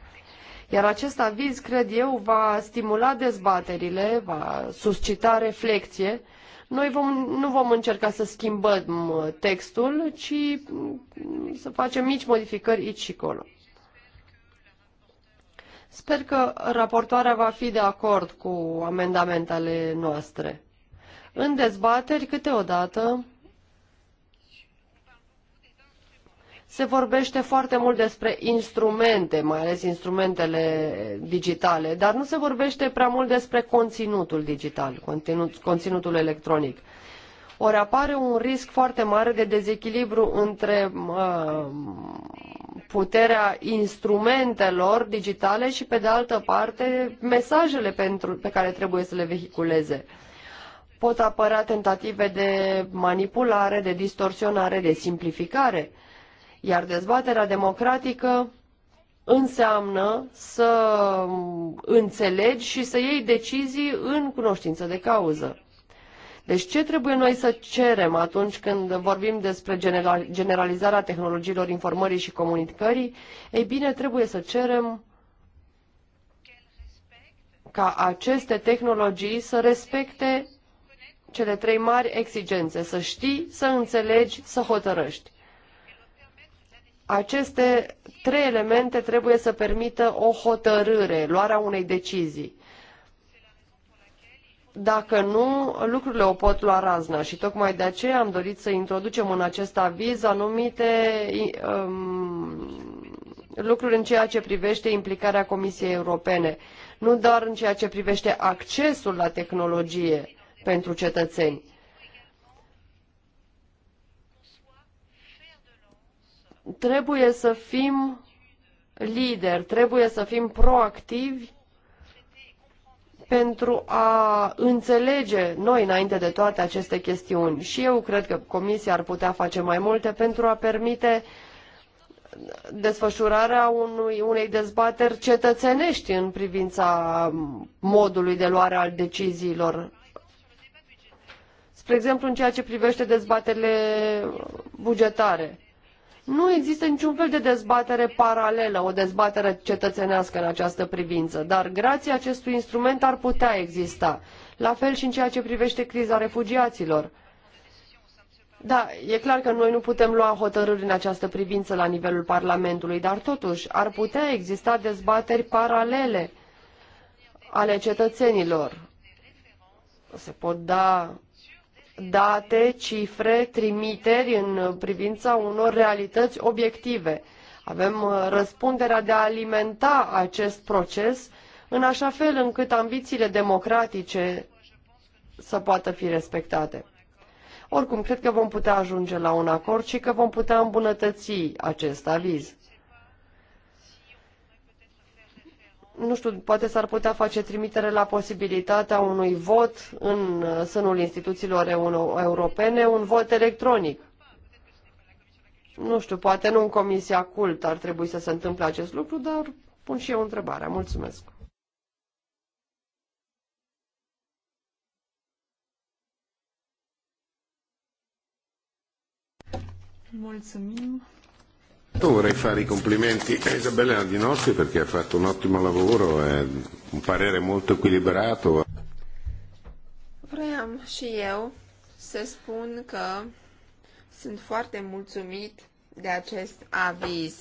Iar acest aviz, cred eu, va stimula dezbaterile, va suscita reflexie. Noi vom, nu vom încerca să schimbăm mm, textul, ci mm, să facem mici modificări aici și acolo. Sper că raportoarea va fi de acord cu amendamentele noastre. În dezbateri, câteodată, se vorbește foarte mult despre instrumente, mai ales instrumentele digitale, dar nu se vorbește prea mult despre conținutul digital, conținut, conținutul electronic. Ori apare un risc foarte mare de dezechilibru între uh, puterea instrumentelor digitale și, pe de altă parte, mesajele pentru, pe care trebuie să le vehiculeze. Pot apărea tentative de manipulare, de distorsionare, de simplificare, iar dezbaterea democratică înseamnă să înțelegi și să iei decizii în cunoștință de cauză. Deci ce trebuie noi să cerem atunci când vorbim despre generalizarea tehnologiilor informării și comunicării? Ei bine, trebuie să cerem ca aceste tehnologii să respecte cele trei mari exigențe, să știi, să înțelegi, să hotărăști. Aceste trei elemente trebuie să permită o hotărâre, luarea unei decizii. Dacă nu, lucrurile o pot lua razna și tocmai de aceea am dorit să introducem în acest aviz anumite um, lucruri în ceea ce privește implicarea Comisiei Europene, nu doar în ceea ce privește accesul la tehnologie pentru cetățeni. Trebuie să fim lideri, trebuie să fim proactivi pentru a înțelege noi înainte de toate aceste chestiuni. Și eu cred că Comisia ar putea face mai multe pentru a permite desfășurarea unui, unei dezbateri cetățenești în privința modului de luare al deciziilor. Spre exemplu, în ceea ce privește dezbaterile bugetare. Nu există niciun fel de dezbatere paralelă, o dezbatere cetățenească în această privință, dar grație acestui instrument ar putea exista. La fel și în ceea ce privește criza refugiaților. Da, e clar că noi nu putem lua hotărâri în această privință la nivelul Parlamentului, dar totuși ar putea exista dezbateri paralele ale cetățenilor. Se pot da date, cifre, trimiteri în privința unor realități obiective. Avem uh, răspunderea de a alimenta acest proces în așa fel încât ambițiile democratice să poată fi respectate. Oricum, cred că vom putea ajunge la un acord și că vom putea îmbunătăți acest aviz. nu știu, poate s-ar putea face trimitere la posibilitatea unui vot în uh, sânul instituțiilor europene, un vot electronic. Nu știu, poate nu în Comisia Cult ar trebui să se întâmple acest lucru, dar pun și eu întrebarea. Mulțumesc. Mulțumim. Vorrei fare i complimenti a Isabella Di Nostri perché ha fatto un ottimo lavoro è un parere molto equilibrato. Vreau și eu să spun că sunt foarte mulțumit de acest aviz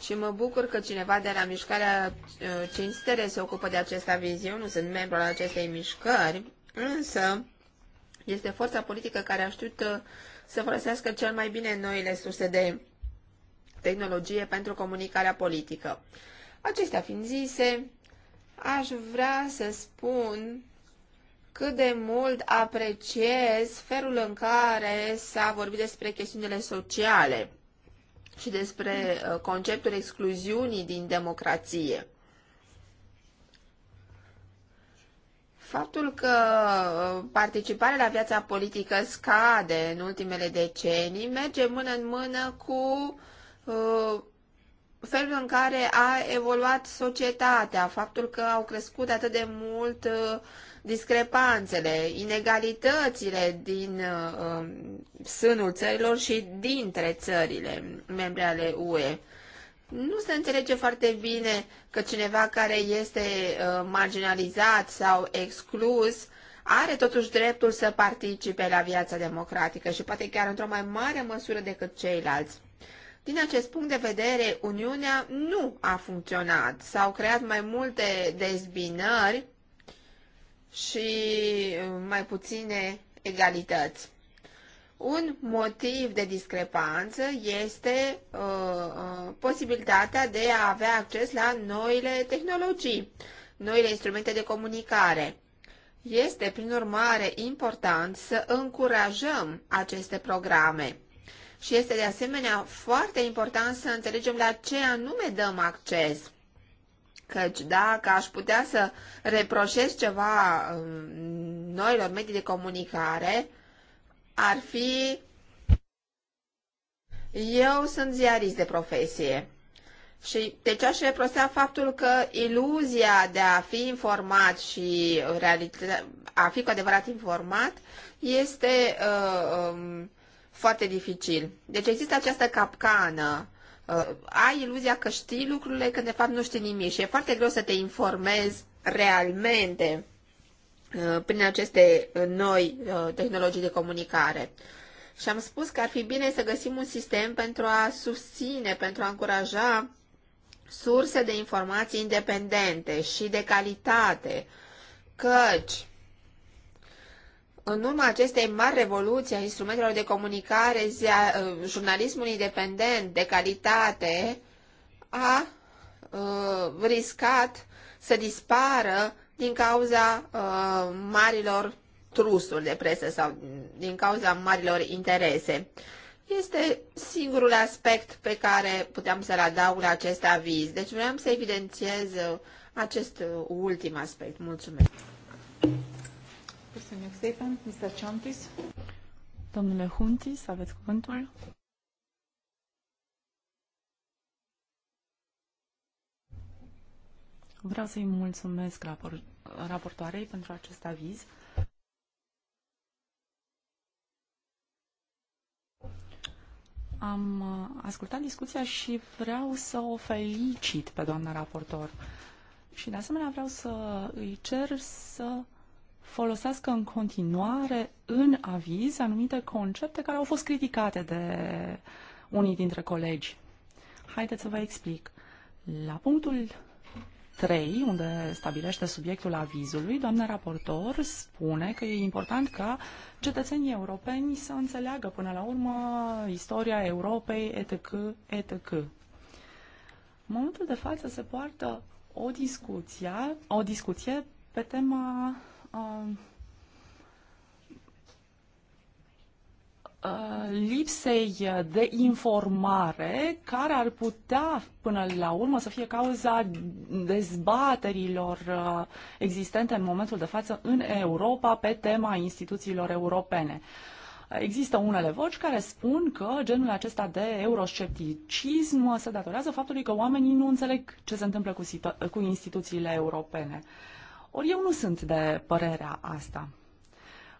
și mă bucur că cineva de la mișcarea uh, cinstere se ocupă de acest aviz. Eu nu sunt membru al acestei mișcări, însă este forța politică care a știut uh, să folosească cel mai bine noile surse de tehnologie pentru comunicarea politică. Acestea fiind zise, aș vrea să spun cât de mult apreciez felul în care s-a vorbit despre chestiunile sociale și despre uh, conceptul excluziunii din democrație. Faptul că uh, participarea la viața politică scade în ultimele decenii merge mână în mână cu uh, Uh, felul în care a evoluat societatea, faptul că au crescut atât de mult uh, discrepanțele, inegalitățile din uh, um, sânul țărilor și dintre țările membre ale UE. Nu se înțelege foarte bine că cineva care este marginalizat sau exclus are totuși dreptul să participe la viața democratică și poate chiar într-o mai mare măsură decât ceilalți. Din acest punct de vedere, Uniunea nu a funcționat. S-au creat mai multe dezbinări și uh, mai puține egalități. Un motiv de discrepanță este uh, uh, posibilitatea de a avea acces la noile tehnologii, noile instrumente de comunicare. Este, prin urmare, important să încurajăm aceste programe și este de asemenea foarte important să înțelegem la ce anume dăm acces. Căci dacă aș putea să reproșez ceva um, noilor medii de comunicare, ar fi... Eu sunt ziarist de profesie. Și deci aș reprosea faptul că iluzia de a fi informat și realita- a fi cu adevărat informat este uh, um, foarte dificil. Deci există această capcană. Uh, ai iluzia că știi lucrurile când de fapt nu știi nimic și e foarte greu să te informezi realmente uh, prin aceste noi uh, tehnologii de comunicare. Și am spus că ar fi bine să găsim un sistem pentru a susține, pentru a încuraja surse de informații independente și de calitate, căci în urma acestei mari revoluții a instrumentelor de comunicare, zia, uh, jurnalismul independent de calitate a uh, riscat să dispară din cauza uh, marilor trusuri de presă sau din cauza marilor interese. Este singurul aspect pe care puteam să-l adaug la acest aviz. Deci vreau să evidențiez uh, acest uh, ultim aspect. Mulțumesc! Mr. Domnule Huntis, aveți cuvântul. Vreau să-i mulțumesc raportoarei pentru acest aviz. Am uh, ascultat discuția și vreau să o felicit pe doamna raportor. Și de asemenea vreau să îi cer să folosească în continuare în aviz anumite concepte care au fost criticate de unii dintre colegi. Haideți să vă explic. La punctul 3, unde stabilește subiectul avizului, doamna raportor spune că e important ca cetățenii europeni să înțeleagă până la urmă istoria Europei, etc., etc. În momentul de față se poartă o discuție, o discuție pe tema Um, uh, lipsei de informare care ar putea până la urmă să fie cauza dezbaterilor uh, existente în momentul de față în Europa pe tema instituțiilor europene. Există unele voci care spun că genul acesta de euroscepticism se datorează faptului că oamenii nu înțeleg ce se întâmplă cu, cu instituțiile europene. Uh, ori eu nu sunt de părerea asta.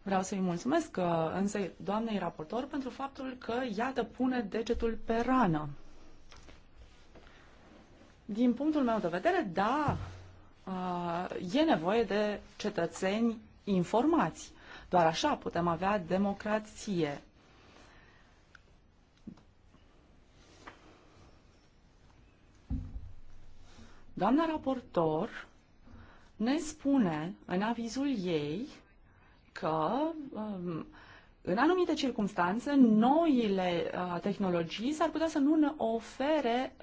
Vreau să-i mulțumesc uh, însă doamnei raportor pentru faptul că, iată, pune degetul pe rană. Din punctul meu de vedere, da, uh, e nevoie de cetățeni informați. Doar așa putem avea democrație. Doamna raportor ne spune în avizul ei că um, în anumite circunstanțe noile uh, tehnologii s-ar putea să nu ne ofere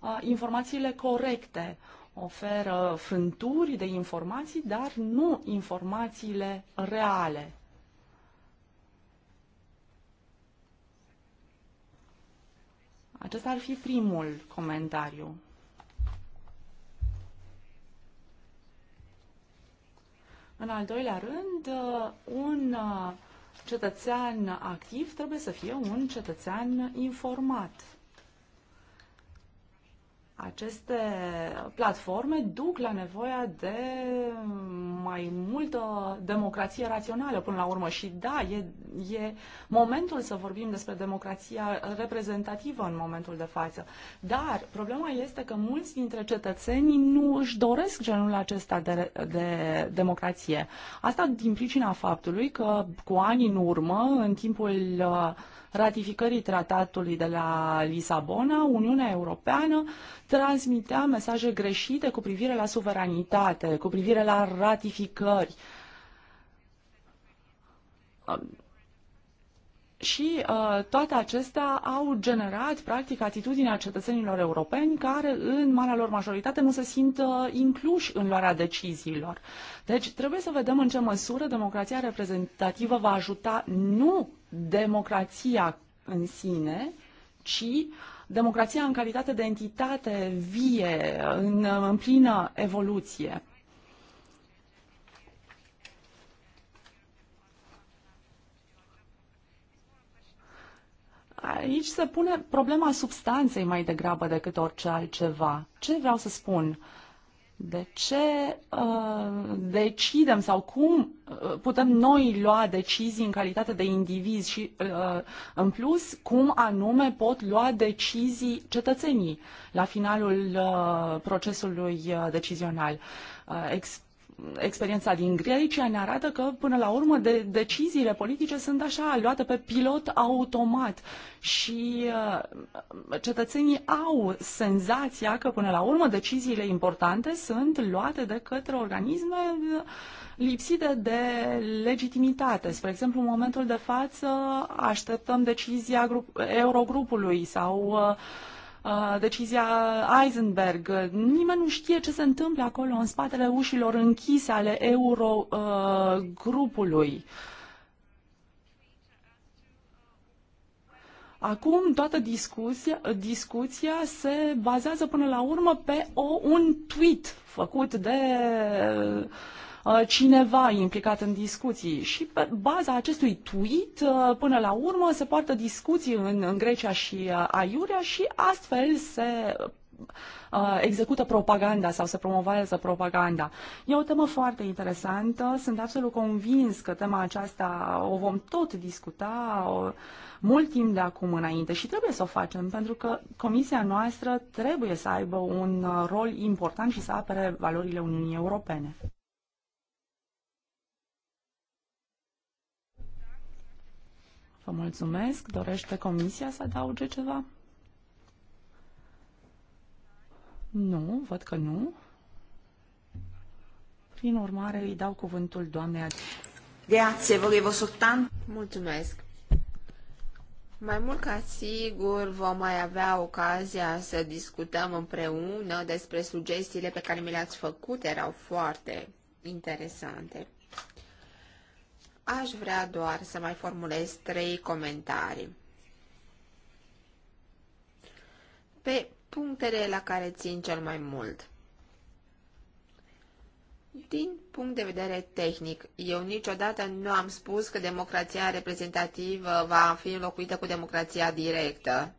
uh, informațiile corecte. Oferă frânturi de informații, dar nu informațiile reale. Acesta ar fi primul comentariu. În al doilea rând, uh, un uh, cetățean activ trebuie să fie un cetățean informat. Aceste platforme duc la nevoia de mai multă democrație rațională până la urmă și da, e, e momentul să vorbim despre democrația reprezentativă în momentul de față. Dar problema este că mulți dintre cetățenii nu își doresc genul acesta de, de democrație. Asta din pricina faptului că cu ani în urmă, în timpul uh, ratificării tratatului de la Lisabona, Uniunea Europeană transmitea mesaje greșite cu privire la suveranitate, cu privire la ratificări și uh, toate acestea au generat, practic, atitudinea cetățenilor europeni care, în marea lor majoritate, nu se simt uh, incluși în luarea deciziilor. Deci, trebuie să vedem în ce măsură democrația reprezentativă va ajuta nu democrația în sine, ci democrația în calitate de entitate vie, în, în plină evoluție. Aici se pune problema substanței mai degrabă decât orice altceva. Ce vreau să spun? De ce uh, decidem sau cum uh, putem noi lua decizii în calitate de indivizi și, uh, în plus, cum anume pot lua decizii cetățenii la finalul uh, procesului uh, decizional? Uh, experiența din Grecia ne arată că, până la urmă, de, deciziile politice sunt așa, luate pe pilot automat și uh, cetățenii au senzația că, până la urmă, deciziile importante sunt luate de către organisme lipsite de legitimitate. Spre exemplu, în momentul de față așteptăm decizia grup- Eurogrupului sau uh, Uh, decizia Eisenberg. Nimeni nu știe ce se întâmplă acolo în spatele ușilor închise ale Eurogrupului. Uh, Acum toată discuția, discuția se bazează până la urmă pe o, un tweet făcut de uh, Uh, cineva implicat în discuții și pe baza acestui tweet, uh, până la urmă, se poartă discuții în, în Grecia și uh, Aiurea și astfel se execută propaganda sau se promovează propaganda. E o temă foarte interesantă, sunt absolut convins că tema aceasta o vom tot discuta mult timp de acum înainte și trebuie să o facem pentru că comisia noastră trebuie să aibă un rol important și să apere valorile Uniunii Europene. Vă mulțumesc. Dorește comisia să adauge ceva? Nu, văd că nu. Prin urmare, îi dau cuvântul doamnei. Grazie, volevo soltanto. Mulțumesc. Mai mult ca sigur vom mai avea ocazia să discutăm împreună despre sugestiile pe care mi le-ați făcut, erau foarte interesante. Aș vrea doar să mai formulez trei comentarii. Pe punctele la care țin cel mai mult. Din punct de vedere tehnic, eu niciodată nu am spus că democrația reprezentativă va fi înlocuită cu democrația directă.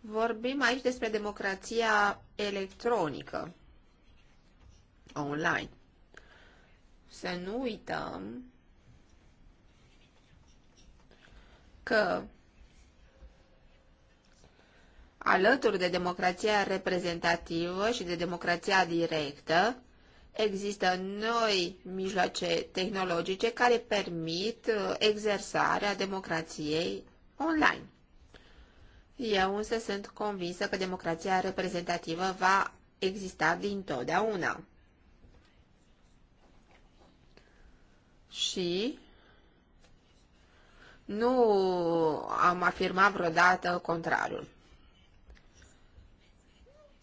Vorbim aici despre democrația electronică, online să nu uităm că alături de democrația reprezentativă și de democrația directă, există noi mijloace tehnologice care permit uh, exersarea democrației online. Eu însă sunt convinsă că democrația reprezentativă va exista din totdeauna. și nu am afirmat vreodată contrarul.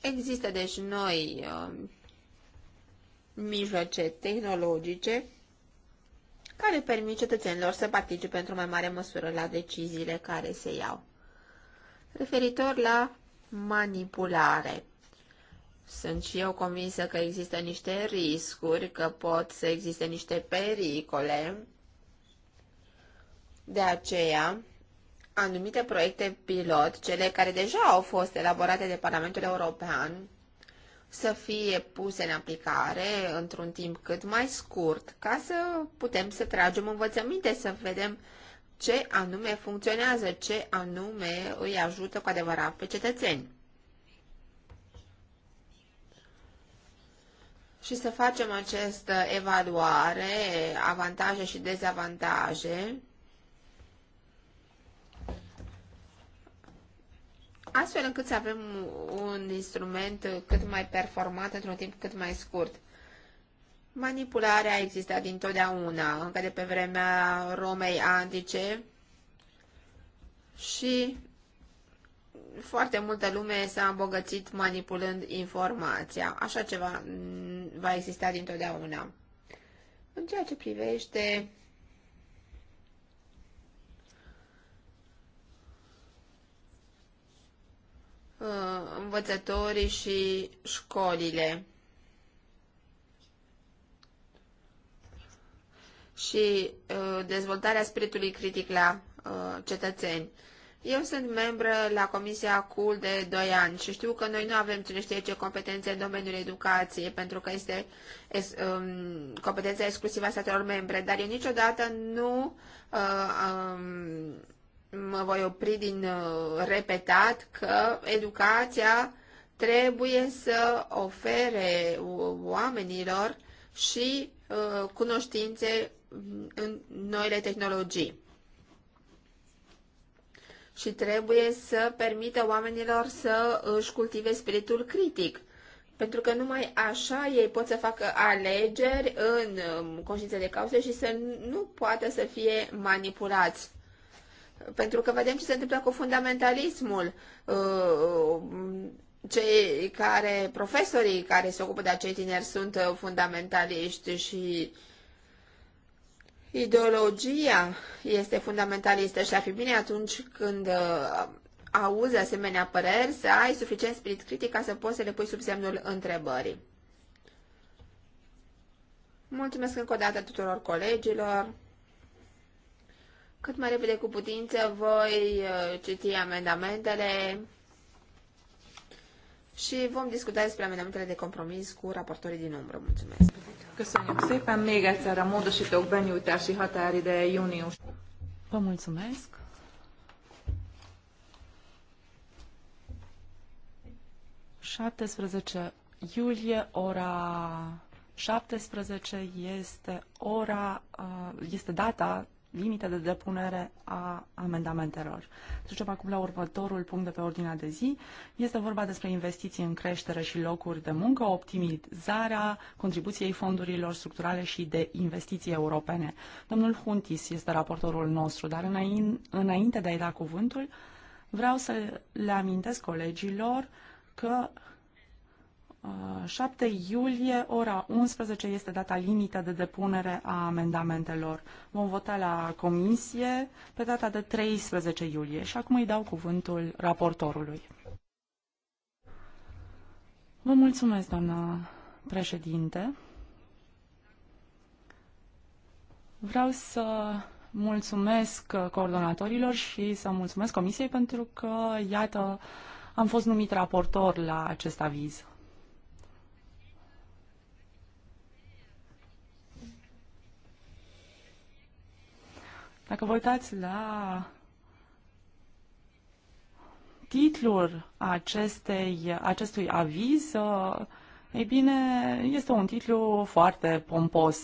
Există deci noi uh, mijloace tehnologice care permit cetățenilor să participe într-o mai mare măsură la deciziile care se iau. Referitor la manipulare. Sunt și eu convinsă că există niște riscuri, că pot să existe niște pericole. De aceea, anumite proiecte pilot, cele care deja au fost elaborate de Parlamentul European, să fie puse în aplicare într-un timp cât mai scurt, ca să putem să tragem învățăminte, să vedem ce anume funcționează, ce anume îi ajută cu adevărat pe cetățeni. și să facem această evaluare, avantaje și dezavantaje, astfel încât să avem un instrument cât mai performant într-un timp cât mai scurt. Manipularea a existat dintotdeauna, încă de pe vremea Romei antice și foarte multă lume s-a îmbogățit manipulând informația. Așa ceva mm, va exista dintotdeauna. În ceea ce privește uh, învățătorii și școlile. și uh, dezvoltarea spiritului critic la uh, cetățeni. Eu sunt membră la Comisia CUL de 2 ani și știu că noi nu avem cine știe ce competențe în domeniul educației, pentru că este es, um, competența exclusivă a statelor membre, dar eu niciodată nu uh, um, mă voi opri din uh, repetat că educația trebuie să ofere oamenilor și uh, cunoștințe în noile tehnologii și trebuie să permită oamenilor să își cultive spiritul critic. Pentru că numai așa ei pot să facă alegeri în um, conștiință de cauze și să nu poată să fie manipulați. Pentru că vedem ce se întâmplă cu fundamentalismul. Uh, um, cei care, profesorii care se ocupă de acei tineri sunt uh, fundamentaliști și uh, ideologia este fundamentalistă și ar fi bine atunci când uh, auzi asemenea păreri să ai suficient spirit critic ca să poți să le pui sub semnul întrebării. Mulțumesc încă o dată tuturor colegilor. Cât mai repede cu putință voi uh, citi amendamentele și vom discuta despre amendamentele de compromis cu raportorii din umbră. Mulțumesc! Köszönjük szépen! Még egyszer a módosítók benyújtási határideje június. Vă mulțumesc! Șaptesprezece iulie, ora 17 este ora, este data limite de depunere a amendamentelor. Trecem acum la următorul punct de pe ordinea de zi. Este vorba despre investiții în creștere și locuri de muncă, optimizarea contribuției fondurilor structurale și de investiții europene. Domnul Huntis este raportorul nostru, dar înainte de a-i da cuvântul, vreau să le amintesc colegilor că 7 uh, iulie, ora 11, este data limită de depunere a amendamentelor. Vom vota la comisie pe data de 13 iulie și acum îi dau cuvântul raportorului. Vă mulțumesc, doamna președinte. Vreau să mulțumesc coordonatorilor și să mulțumesc comisiei pentru că, iată, am fost numit raportor la acest aviz. Dacă vă uitați la titlul acestei, acestui aviz, uh, ei bine, este un titlu foarte pompos.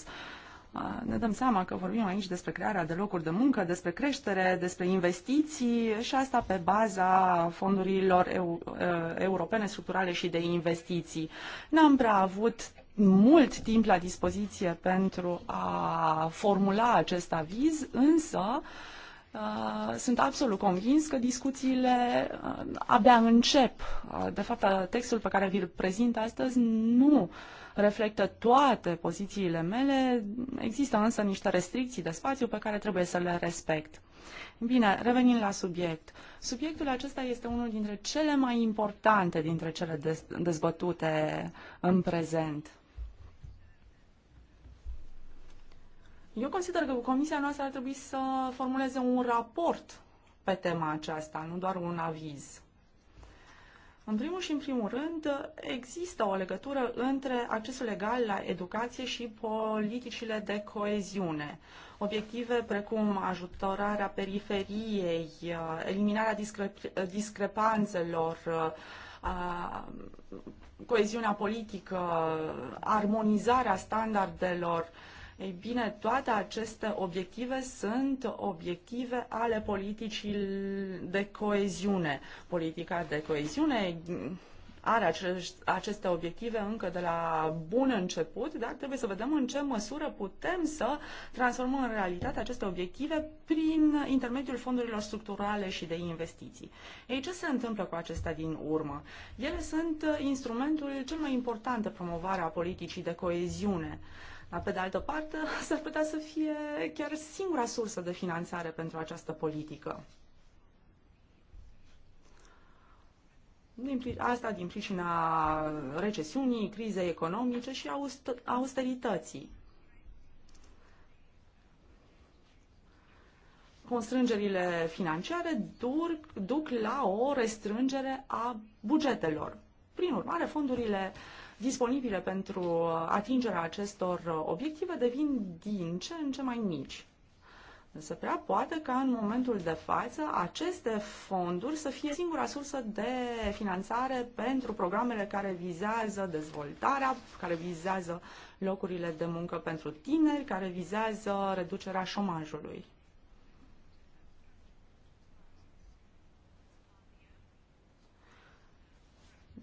Uh, ne dăm seama că vorbim aici despre crearea de locuri de muncă, despre creștere, despre investiții și asta pe baza fondurilor eu, uh, europene structurale și de investiții. N-am prea avut mult timp la dispoziție pentru a formula acest aviz, însă uh, sunt absolut convins că discuțiile uh, abia încep. Uh, de fapt, textul pe care vi-l prezint astăzi nu reflectă toate pozițiile mele, există însă niște restricții de spațiu pe care trebuie să le respect. Bine, revenind la subiect. Subiectul acesta este unul dintre cele mai importante dintre cele dezbătute în prezent. Eu consider că comisia noastră ar trebui să formuleze un raport pe tema aceasta, nu doar un aviz. În primul și în primul rând, există o legătură între accesul legal la educație și politicile de coeziune. Obiective precum ajutorarea periferiei, eliminarea discre- discrepanțelor, coeziunea politică, armonizarea standardelor, ei bine, toate aceste obiective sunt obiective ale politicii de coeziune. Politica de coeziune are aceste obiective încă de la bun început, dar trebuie să vedem în ce măsură putem să transformăm în realitate aceste obiective prin intermediul fondurilor structurale și de investiții. Ei, ce se întâmplă cu acestea din urmă? Ele sunt instrumentul cel mai important de promovare a politicii de coeziune. Dar, pe de altă parte, s-ar putea să fie chiar singura sursă de finanțare pentru această politică. Din, asta din pricina recesiunii, crizei economice și austerității. Constrângerile financiare dur, duc la o restrângere a bugetelor. Prin urmare, fondurile uh, disponibile pentru atingerea acestor obiective devin din ce în ce mai mici. Se prea poate ca în momentul de față aceste fonduri să fie singura sursă de finanțare pentru programele care vizează dezvoltarea, care vizează locurile de muncă pentru tineri, care vizează reducerea șomajului.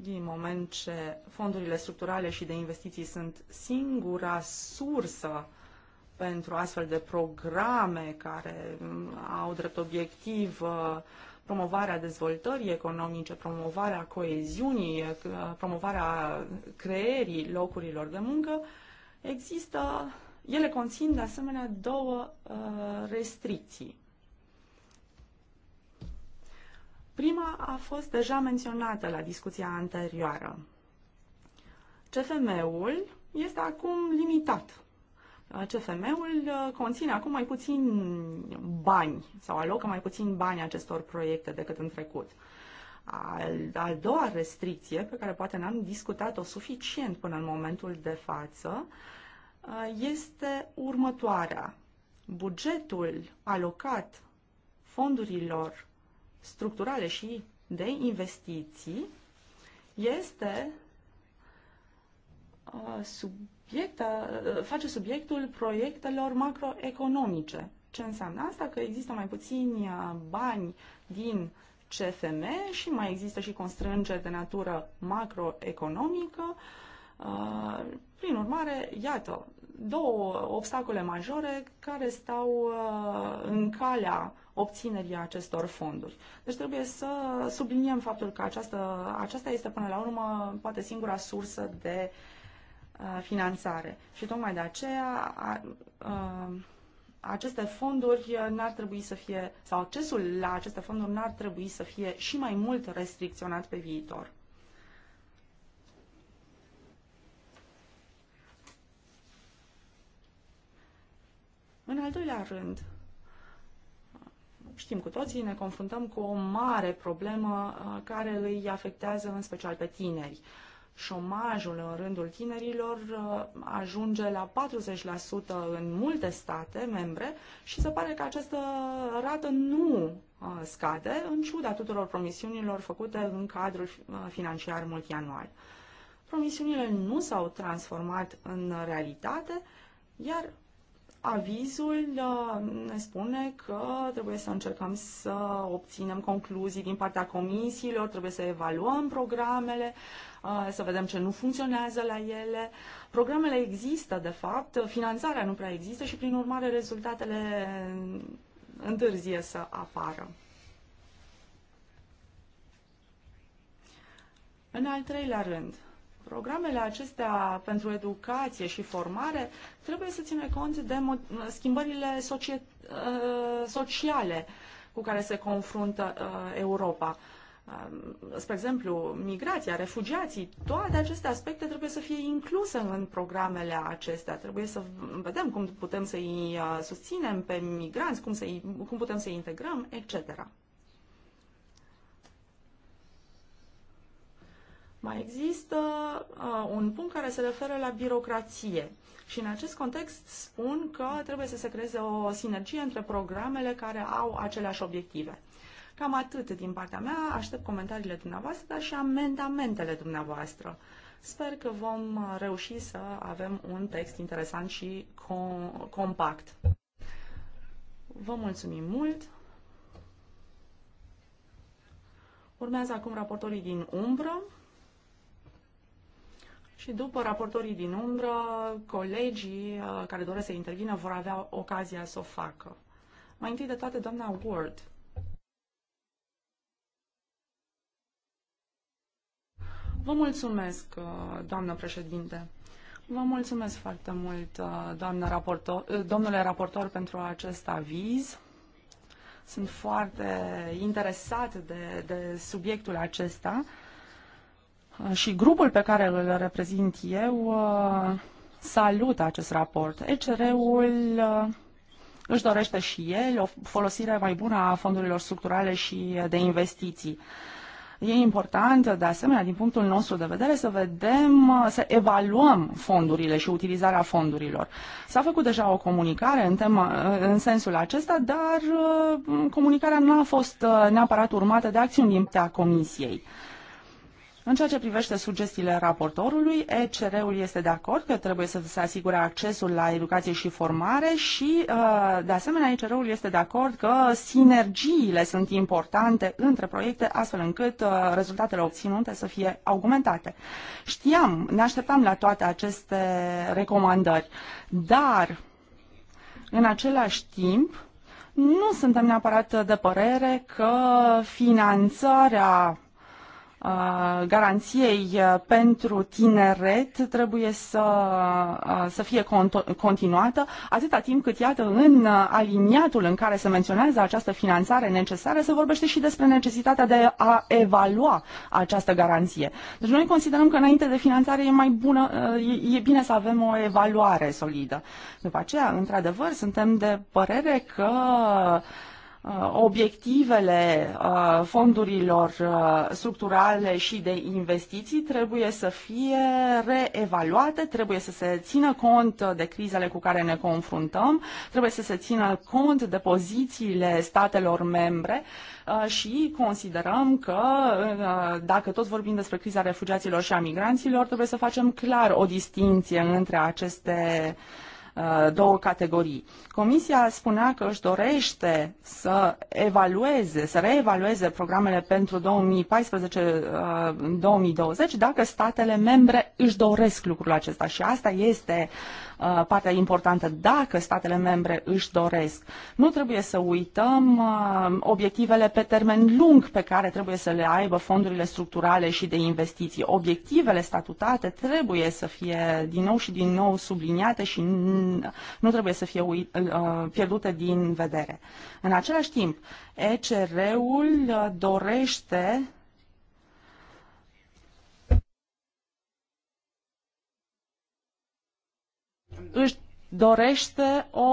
din moment ce fondurile structurale și de investiții sunt singura sursă pentru astfel de programe care mm, au drept obiectiv uh, promovarea dezvoltării economice, promovarea coeziunii, uh, promovarea creierii locurilor de muncă, există, ele conțin de asemenea două uh, restricții. Prima a fost deja menționată la discuția anterioară. CFM-ul este acum limitat. Uh, CFM-ul uh, conține acum mai puțin bani sau alocă mai puțin bani acestor proiecte decât în trecut. Al, al doua restricție, pe care poate n-am discutat-o suficient până în momentul de față, uh, este următoarea. Bugetul alocat fondurilor structurale și de investiții este uh, subiectă, uh, face subiectul proiectelor macroeconomice. Ce înseamnă asta? Că există mai puțini uh, bani din CFM și mai există și constrângeri de natură macroeconomică uh, Uh, prin urmare, iată, două obstacole majore care stau uh, în calea obținerii acestor fonduri. Deci trebuie să subliniem faptul că această, aceasta este până la urmă poate singura sursă de uh, finanțare. Și tocmai de aceea aceste fonduri n-ar trebui să fie, sau accesul la aceste fonduri n-ar trebui să fie și mai mult restricționat pe viitor. În al doilea rând, știm cu toții, ne confruntăm cu o mare problemă uh, care îi afectează în special pe tineri. Șomajul în rândul tinerilor uh, ajunge la 40% în multe state membre și se pare că această rată nu uh, scade, în ciuda tuturor promisiunilor făcute în cadrul financiar multianual. Promisiunile nu s-au transformat în realitate, iar Avizul uh, ne spune că trebuie să încercăm să obținem concluzii din partea comisiilor, trebuie să evaluăm programele, uh, să vedem ce nu funcționează la ele. Programele există, de fapt, finanțarea nu prea există și, prin urmare, rezultatele întârzie să apară. În al treilea rând, Programele acestea pentru educație și formare trebuie să țină cont de schimbările uh, sociale cu care se confruntă uh, Europa. Um, spre exemplu, migrația, refugiații, toate aceste aspecte trebuie să fie incluse în programele acestea. Trebuie să vedem cum putem să-i uh, susținem pe migranți, cum, să cum putem să-i integrăm, etc. Mai există uh, un punct care se referă la birocrație. Și în acest context spun că trebuie să se creeze o sinergie între programele care au aceleași obiective. Cam atât din partea mea, aștept comentariile dumneavoastră, dar și amendamentele dumneavoastră. Sper că vom reuși să avem un text interesant și com- compact. Vă mulțumim mult! Urmează acum raportorii din umbră. Și după raportorii din umbră, colegii uh, care doresc să intervină vor avea ocazia să o facă. Mai întâi de toate, doamna Ward. Vă mulțumesc, uh, doamnă președinte. Vă mulțumesc foarte mult, uh, doamnă raportor, domnule raportor, pentru acest aviz. Sunt foarte interesat de, de subiectul acesta și grupul pe care îl reprezint eu uh, salută acest raport. ECR-ul uh, își dorește și el o folosire mai bună a fondurilor structurale și de investiții. E important, de asemenea, din punctul nostru de vedere, să vedem, uh, să evaluăm fondurile și utilizarea fondurilor. S-a făcut deja o comunicare în, tema, în sensul acesta, dar comunicarea nu a fost neapărat urmată de acțiuni din partea Comisiei. În ceea ce privește sugestiile raportorului, ECR-ul este de acord că trebuie să se asigure accesul la educație și formare și, uh, de asemenea, ECR-ul este de acord că sinergiile sunt importante între proiecte, astfel încât uh, rezultatele obținute să fie augmentate. Știam, ne așteptam la toate aceste recomandări, dar, în același timp, nu suntem neapărat de părere că finanțarea Uh, garanției uh, pentru tineret trebuie să, uh, să fie continuată atâta timp cât, iată, în aliniatul în care se menționează această finanțare necesară, se vorbește și despre necesitatea de a evalua această garanție. Deci noi considerăm că înainte de finanțare e mai bună, e, bine să avem o evaluare solidă. După aceea, într-adevăr, suntem de părere că Uh, obiectivele uh, fondurilor uh, structurale și de investiții trebuie să fie reevaluate, trebuie să se țină cont de crizele cu care ne confruntăm, trebuie să se țină cont de pozițiile statelor membre și considerăm că, dacă tot vorbim despre criza refugiaților și a migranților, trebuie să facem clar o distinție între aceste uh, Uh, două categorii. Comisia spunea că își dorește să evalueze, să reevalueze programele pentru 2014-2020 uh, dacă statele membre își doresc lucrul acesta și asta este uh, Uh, partea importantă dacă statele membre își doresc. Nu trebuie să uităm uh, obiectivele pe termen lung pe care trebuie să le aibă fondurile structurale și de investiții. Obiectivele statutate trebuie să fie din nou și din nou subliniate și nu trebuie să fie uh, pierdute din vedere. În același timp, ECR-ul dorește își dorește o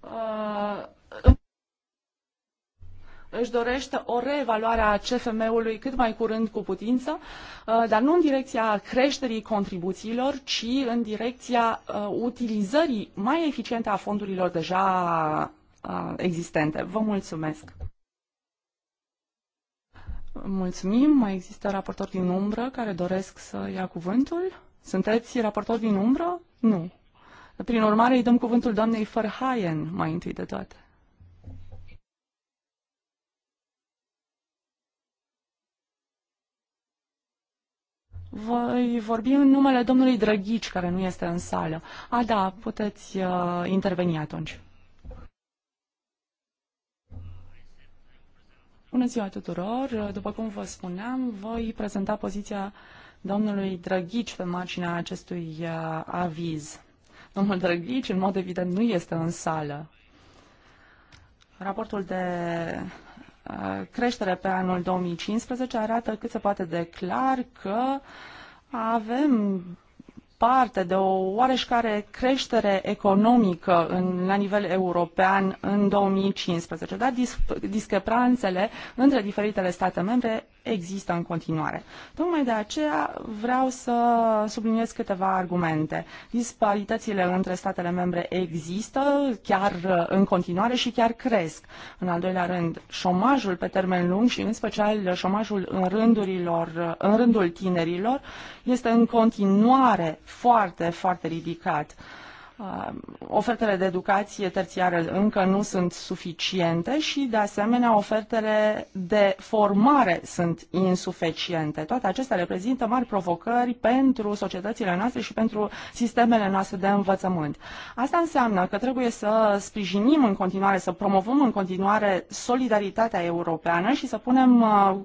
uh, își dorește o reevaluare a CFM-ului cât mai curând cu putință, uh, dar nu în direcția creșterii contribuțiilor, ci în direcția uh, utilizării mai eficiente a fondurilor deja uh, existente. Vă mulțumesc! Mulțumim. Mai există raportori din umbră care doresc să ia cuvântul? Sunteți raportor din umbră? Nu. Prin urmare, îi dăm cuvântul doamnei Verhaien mai întâi de toate. Voi vorbi în numele domnului Drăghici, care nu este în sală. A, da, puteți uh, interveni atunci. Bună ziua tuturor! După cum vă spuneam, voi prezenta poziția uh, domnului Drăghici pe marginea acestui uh, aviz. Domnul Drăghici, în mod evident, nu este în sală. Raportul de uh, creștere pe anul 2015 arată cât se poate de clar că avem parte de o oareșcare creștere economică în, la nivel european în 2015, dar dis, discrepanțele între diferitele state membre există în continuare. Tocmai de aceea vreau să subliniez câteva argumente. Disparitățile între statele membre există chiar uh, în continuare și chiar cresc. În al doilea rând, șomajul pe termen lung și în special șomajul în, rândurilor, uh, în rândul tinerilor este în continuare foarte, foarte ridicat. Uh, Um, ofertele de educație terțiară încă nu sunt suficiente și, de asemenea, ofertele de formare sunt insuficiente. Toate acestea reprezintă mari provocări pentru societățile noastre și pentru sistemele noastre de învățământ. Asta înseamnă că trebuie să sprijinim în continuare, să promovăm în continuare solidaritatea europeană și să punem uh,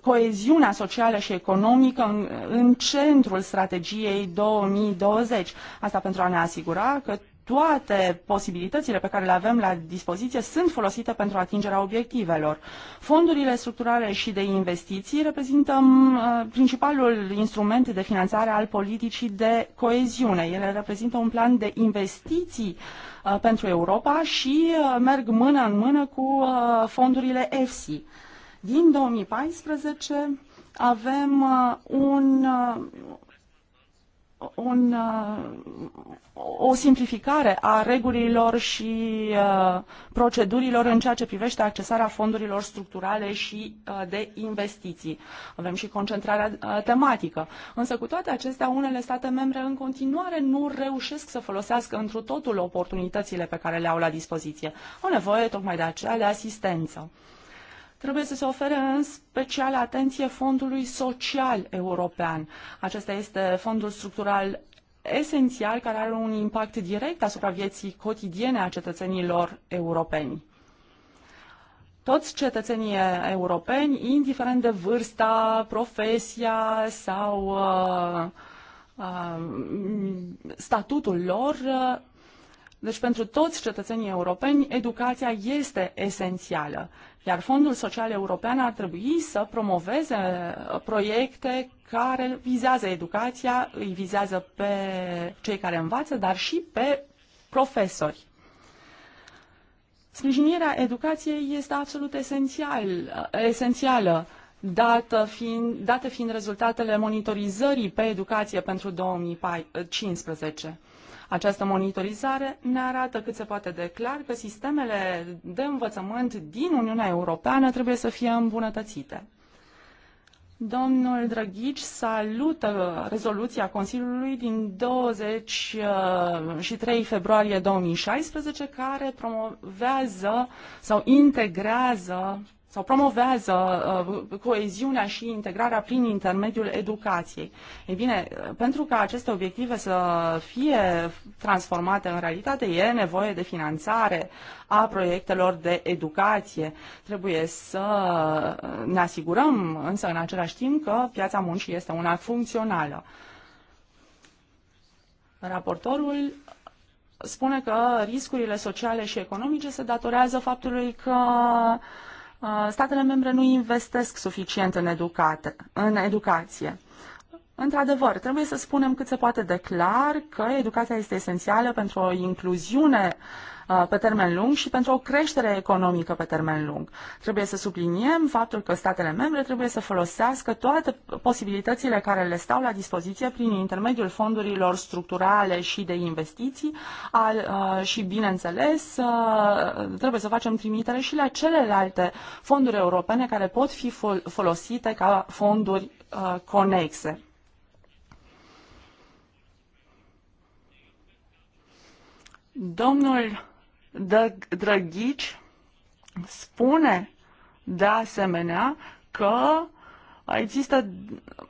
coeziunea socială și economică în, în centrul strategiei 2020. Asta pentru a ne asigura că toate posibilitățile pe care le avem la dispoziție sunt folosite pentru atingerea obiectivelor. Fondurile structurale și de investiții reprezintă uh, principalul instrument de finanțare al politicii de coeziune. Ele reprezintă un plan de investiții uh, pentru Europa și uh, merg mână în mână cu fondurile EFSI. Din 2014 avem uh, un, uh, un, uh, o simplificare a regulilor și procedurilor în ceea ce privește accesarea fondurilor structurale și de investiții. Avem și concentrarea tematică. Însă cu toate acestea, unele state membre în continuare nu reușesc să folosească întru totul oportunitățile pe care le au la dispoziție. Au nevoie tocmai de aceea de asistență. Trebuie să se ofere în special atenție Fondului Social European. Acesta este fondul structural esențial care are un impact direct asupra vieții cotidiene a cetățenilor europeni. Toți cetățenii europeni, indiferent de vârsta, profesia sau uh, uh, statutul lor, uh, deci pentru toți cetățenii europeni, educația este esențială. Iar Fondul Social European ar trebui să promoveze uh, proiecte care vizează educația, îi vizează pe cei care învață, dar și pe profesori. Sprijinirea educației este absolut esențial, uh, esențială, dată fiind, date fiind rezultatele monitorizării pe educație pentru 2015. Această monitorizare ne arată cât se poate de clar că sistemele de învățământ din Uniunea Europeană trebuie să fie îmbunătățite. Domnul Drăghici salută rezoluția Consiliului din 23 februarie 2016 care promovează sau integrează sau promovează uh, coeziunea și integrarea prin intermediul educației. Ei bine, uh, pentru ca aceste obiective să fie transformate în realitate, e nevoie de finanțare a proiectelor de educație. Trebuie să ne asigurăm însă în același timp că piața muncii este una funcțională. Raportorul spune că riscurile sociale și economice se datorează faptului că uh, Uh, statele membre nu investesc suficient în, educate, în educație. Într-adevăr, trebuie să spunem cât se poate declar că educația este esențială pentru o incluziune uh, Uh, pe termen lung și pentru o creștere economică pe termen lung. Trebuie să subliniem faptul că statele membre trebuie să folosească toate posibilitățile care le stau la dispoziție prin intermediul fondurilor structurale și de investiții al, uh, și, bineînțeles, uh, trebuie să facem trimitere și la celelalte fonduri europene care pot fi folosite ca fonduri conexe. Domnul Drăghici spune de asemenea că există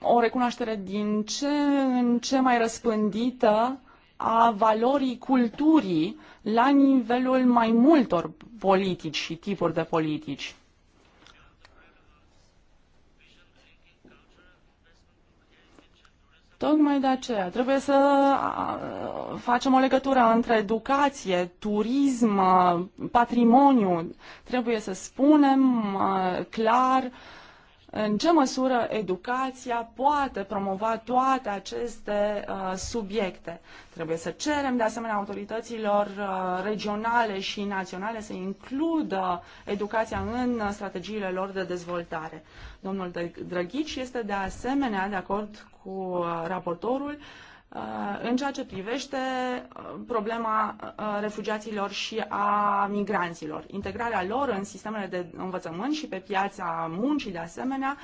o recunoaștere din ce în ce mai răspândită a valorii culturii la nivelul mai multor politici și tipuri de politici. Tocmai de aceea trebuie să facem o legătură între educație, turism, patrimoniu. Trebuie să spunem clar în ce măsură educația poate promova toate aceste subiecte. Trebuie să cerem de asemenea autorităților regionale și naționale să includă educația în strategiile lor de dezvoltare. Domnul Drăghici este de asemenea de acord cu uh, raportorul uh, în ceea ce privește uh, problema refugiaților și a migranților. Integrarea lor în sistemele de învățământ și pe piața muncii, de asemenea,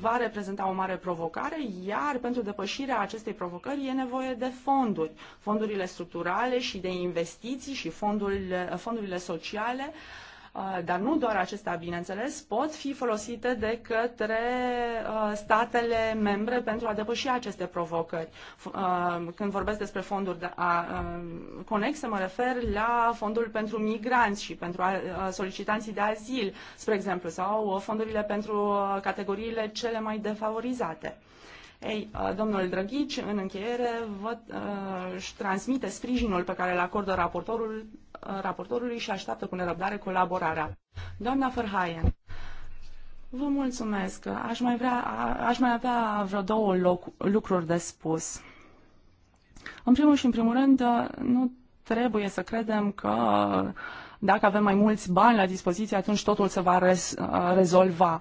va reprezenta o mare provocare, iar pentru depășirea acestei provocări e nevoie de fonduri. Fondurile structurale și de investiții și fondul, fondurile sociale uh, Uh, dar nu doar acestea, bineînțeles, pot fi folosite de către uh, statele membre pentru a depăși aceste provocări. Uh, când vorbesc despre fonduri de a, conexe, mă refer la fondul pentru migranți și pentru solicitanții de azil, spre exemplu, sau fondurile pentru categoriile cele mai defavorizate. Ei, domnul Drăghici, în încheiere, vă, își transmite sprijinul pe care îl acordă raportorul raportorului și așteaptă cu nerăbdare colaborarea. Doamna Ferhaien, vă mulțumesc. Aș mai, vrea, aș mai avea vreo două loc, lucruri de spus. În primul și în primul rând, nu trebuie să credem că dacă avem mai mulți bani la dispoziție, atunci totul se va rez, rezolva. Uh,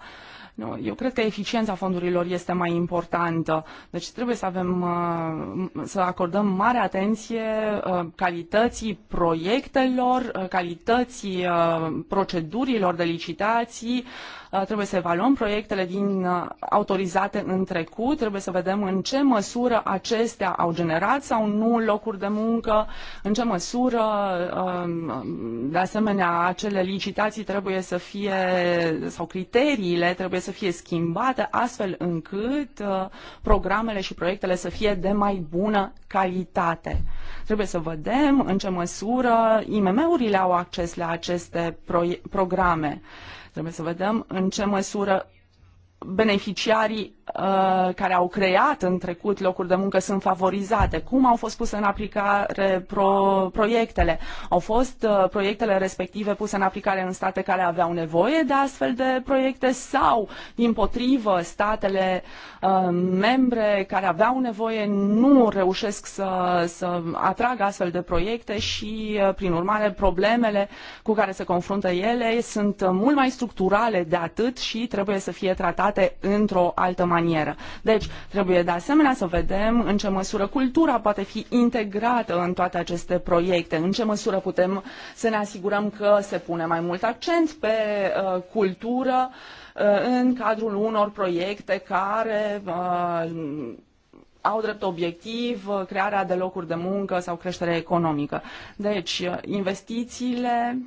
nu, eu cred că eficiența fondurilor este mai importantă. Deci trebuie să avem, uh, să acordăm mare atenție uh, calității proiectelor, uh, calității procedurilor de licitații, Uh, trebuie să evaluăm proiectele din uh, autorizate în trecut, trebuie să vedem în ce măsură acestea au generat sau nu locuri de muncă, în ce măsură um, de asemenea acele licitații trebuie să fie sau criteriile trebuie să fie schimbate astfel încât uh, programele și proiectele să fie de mai bună calitate. Trebuie să vedem în ce măsură IMM-urile au acces la aceste programe. Trebuie să vedem în ce măsură beneficiarii uh, care au creat în trecut locuri de muncă sunt favorizate? Cum au fost puse în aplicare pro- proiectele? Au fost uh, proiectele respective puse în aplicare în state care aveau nevoie de astfel de proiecte sau, din potrivă, statele uh, membre care aveau nevoie nu reușesc să, să atragă astfel de proiecte și, uh, prin urmare, problemele cu care se confruntă ele sunt mult mai structurale de atât și trebuie să fie tratate abordate într-o altă manieră. Deci, trebuie de asemenea să vedem în ce măsură cultura poate fi integrată în toate aceste proiecte, în ce măsură putem să ne asigurăm că se pune mai mult accent pe uh, cultură uh, în cadrul unor proiecte care uh, au drept obiectiv crearea de locuri de muncă sau creștere economică. Deci, uh, investițiile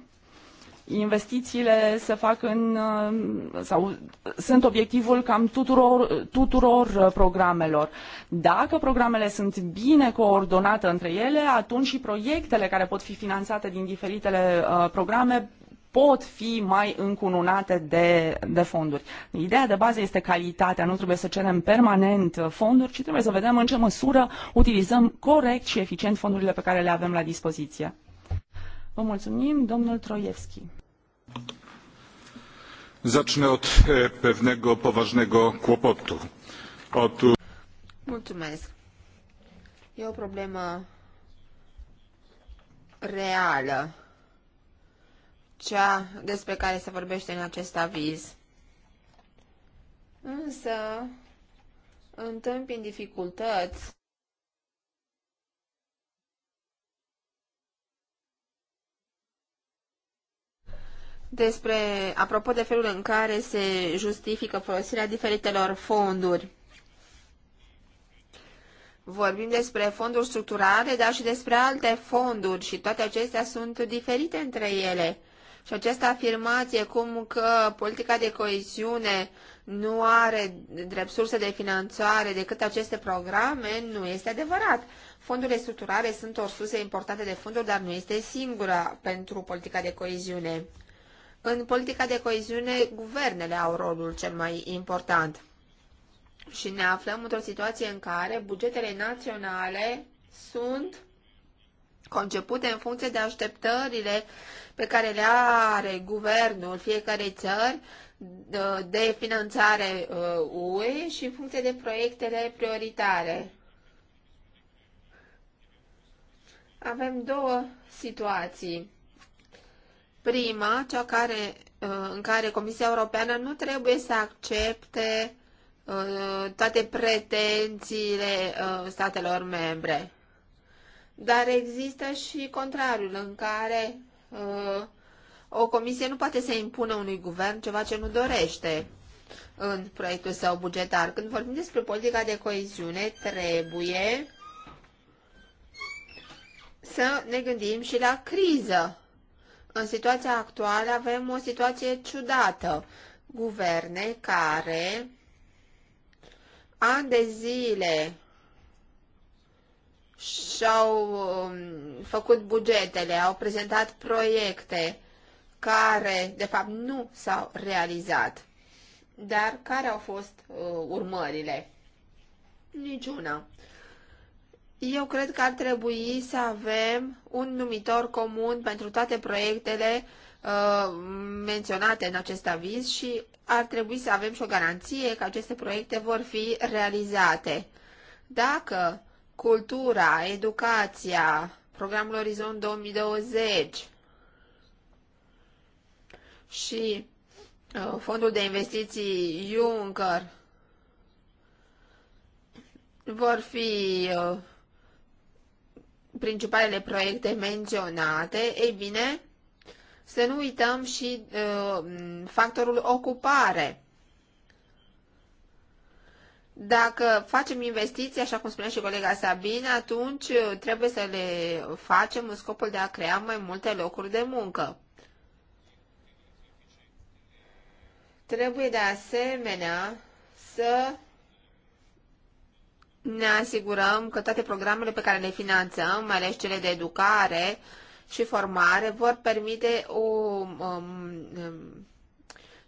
investițiile se fac în uh, sau sunt obiectivul cam tuturor, tuturor uh, programelor. Dacă programele sunt bine coordonate între ele, atunci și proiectele care pot fi finanțate din diferitele uh, programe pot fi mai încununate de, de fonduri. Ideea de bază este calitatea, nu trebuie să cerem permanent uh, fonduri, ci trebuie să vedem în ce măsură utilizăm corect și eficient fondurile pe care le avem la dispoziție. Vă mulțumim, domnul Troievski. Zacznę od pewnego poważnego kłopotu. Mulțumesc. E o problemă reală, cea despre care se vorbește în acest aviz. Însă, întâmpin dificultăți despre, apropo de felul în care se justifică folosirea diferitelor fonduri. Vorbim despre fonduri structurale, dar și despre alte fonduri și toate acestea sunt diferite între ele. Și această afirmație cum că politica de coeziune nu are drept surse de finanțare decât aceste programe, nu este adevărat. Fondurile structurale sunt o sursă importantă de fonduri, dar nu este singura pentru politica de coeziune. În politica de coeziune, guvernele au rolul cel mai important. Și ne aflăm într-o situație în care bugetele naționale sunt concepute în funcție de așteptările pe care le are guvernul fiecarei țări uh, de finanțare uh, UE și în funcție de proiectele prioritare. Avem două situații Prima, cea care, uh, în care Comisia Europeană nu trebuie să accepte uh, toate pretențiile uh, statelor membre. Dar există și contrariul în care o comisie nu poate să impună unui guvern ceva ce nu dorește în proiectul său bugetar. Când vorbim despre politica de coeziune, trebuie să ne gândim și la criză în situația actuală avem o situație ciudată. Guverne care ani de zile și-au um, făcut bugetele, au prezentat proiecte care, de fapt, nu s-au realizat. Dar care au fost uh, urmările? Niciuna. Eu cred că ar trebui să avem un numitor comun pentru toate proiectele uh, menționate în acest aviz și ar trebui să avem și o garanție că aceste proiecte vor fi realizate. Dacă cultura, educația, programul Orizont 2020 și uh, fondul de investiții Juncker vor fi uh, principalele proiecte menționate, e bine, să nu uităm și uh, factorul ocupare. Dacă facem investiții, așa cum spunea și colega Sabine, atunci uh, trebuie să le facem în scopul de a crea mai multe locuri de muncă. Trebuie de asemenea să ne asigurăm că toate programele pe care le finanțăm, mai ales cele de educare și formare, vor permite o um, um,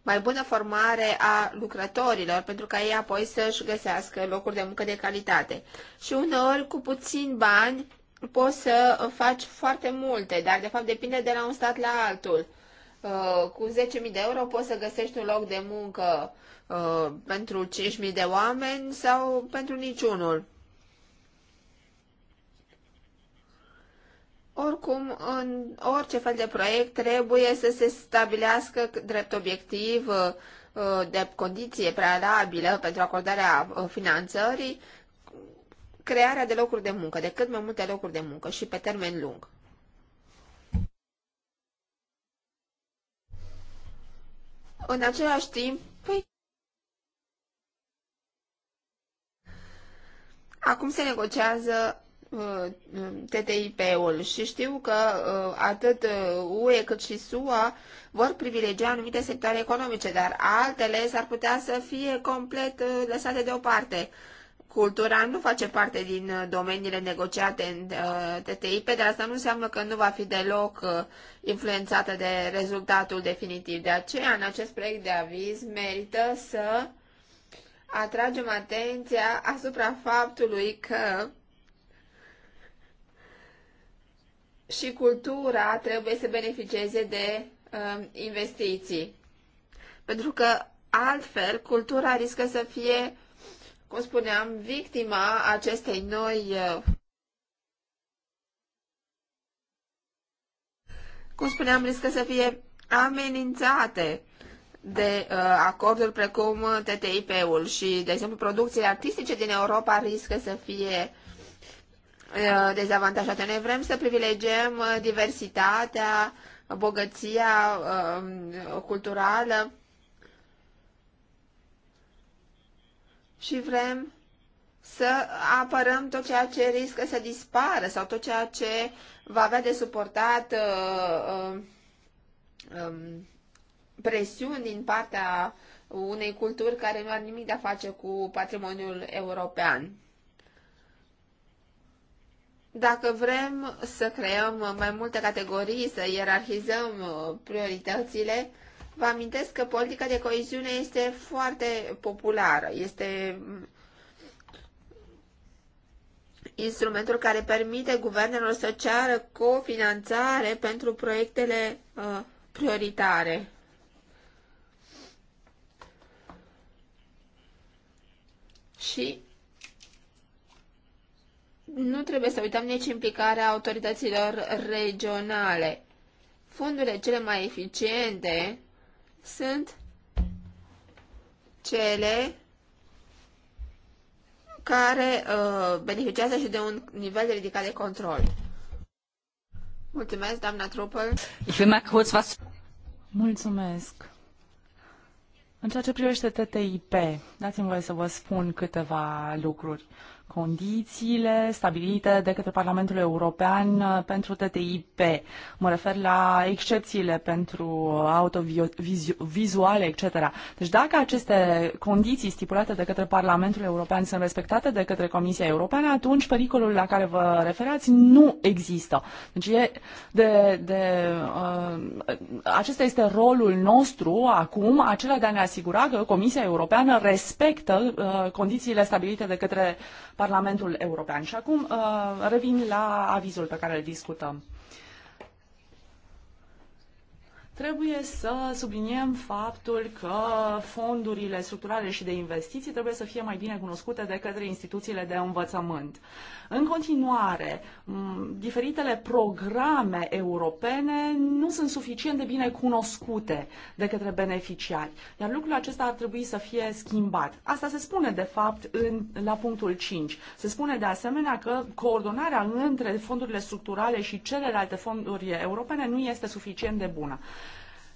mai bună formare a lucrătorilor, pentru ca ei apoi să-și găsească locuri de muncă de calitate. Și uneori, cu puțin bani, poți să faci foarte multe, dar de fapt depinde de la un stat la altul. Uh, cu 10.000 de euro poți să găsești un loc de muncă uh, pentru 5.000 de oameni sau pentru niciunul. Oricum, în orice fel de proiect trebuie să se stabilească drept obiectiv uh, de condiție prealabilă pentru acordarea uh, finanțării crearea de locuri de muncă, de cât mai multe locuri de muncă și pe termen lung. În același timp, păi, acum se negociază uh, TTIP-ul și știu că uh, atât UE uh, cât și SUA vor privilegia anumite sectoare economice, dar altele s-ar putea să fie complet lăsate deoparte. Cultura nu face parte din uh, domeniile negociate în uh, TTIP, dar asta nu înseamnă că nu va fi deloc uh, influențată de rezultatul definitiv. De aceea, în acest proiect de aviz, merită să atragem atenția asupra faptului că și cultura trebuie să beneficieze de um, investiții. Pentru că altfel cultura riscă să fie cum spuneam, victima acestei noi uh, cum spuneam, riscă să fie amenințate de uh, acorduri precum TTIP-ul și, de exemplu, producțiile artistice din Europa riscă să fie uh, dezavantajate. Noi vrem să privilegiem uh, diversitatea, bogăția culturală și vrem să apărăm tot ceea ce riscă să dispară sau tot ceea ce va avea de suportat uh, uh, um, presiuni din partea unei culturi care nu are nimic de a face cu patrimoniul european. Dacă vrem să creăm mai multe categorii, să ierarhizăm uh, prioritățile, Vă amintesc că politica de coeziune este foarte populară, este instrumentul care permite guvernelor să ceară cofinanțare pentru proiectele uh, prioritare. Și nu trebuie să uităm nici implicarea autorităților regionale. Fondurile cele mai eficiente sunt cele care uh, beneficiază și de un nivel ridicat de control. Mulțumesc, doamna Trupel. Ich will mal kurz was... Mulțumesc. În ceea ce privește TTIP, dați-mi voie să vă spun câteva lucruri. Uh, condițiile stabilite de către Parlamentul European uh, pentru TTIP. Mă refer la excepțiile pentru autovizuale, etc. Deci dacă aceste condiții stipulate de către Parlamentul European sunt respectate de către Comisia Europeană, atunci pericolul la care vă referați nu există. Deci e de, de, uh, acesta este rolul nostru acum, acela de a ne asigura că Comisia Europeană respectă uh, condițiile stabilite de către Parlamentul European. Și acum uh, revin la avizul pe care îl discutăm. Trebuie să subliniem faptul că fondurile structurale și de investiții trebuie să fie mai bine cunoscute de către instituțiile de învățământ. În continuare, diferitele programe europene nu sunt suficient de bine cunoscute de către beneficiari, iar lucrul acesta ar trebui să fie schimbat. Asta se spune, de fapt, în, la punctul 5. Se spune, de asemenea, că coordonarea între fondurile structurale și celelalte fonduri europene nu este suficient de bună.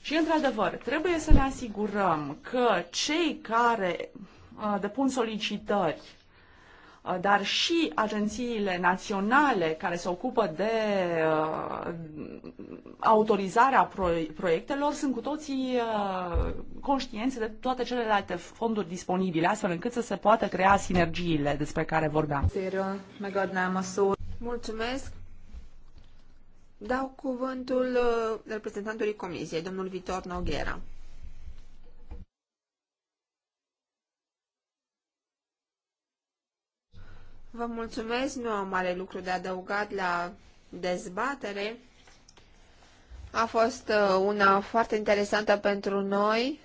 Și, într-adevăr, trebuie să ne asigurăm că cei care uh, depun solicitări, uh, dar și agențiile naționale care se ocupă de uh, autorizarea proiectelor sunt cu toții conștienți de toate celelalte fonduri disponibile, astfel încât să se poată crea sinergiile despre care vorbeam. Mulțumesc! Dau cuvântul uh, reprezentantului Comisiei, domnul Vitor Noghera. Vă mulțumesc, nu am mare lucru de adăugat la dezbatere. A fost uh, una foarte interesantă pentru noi.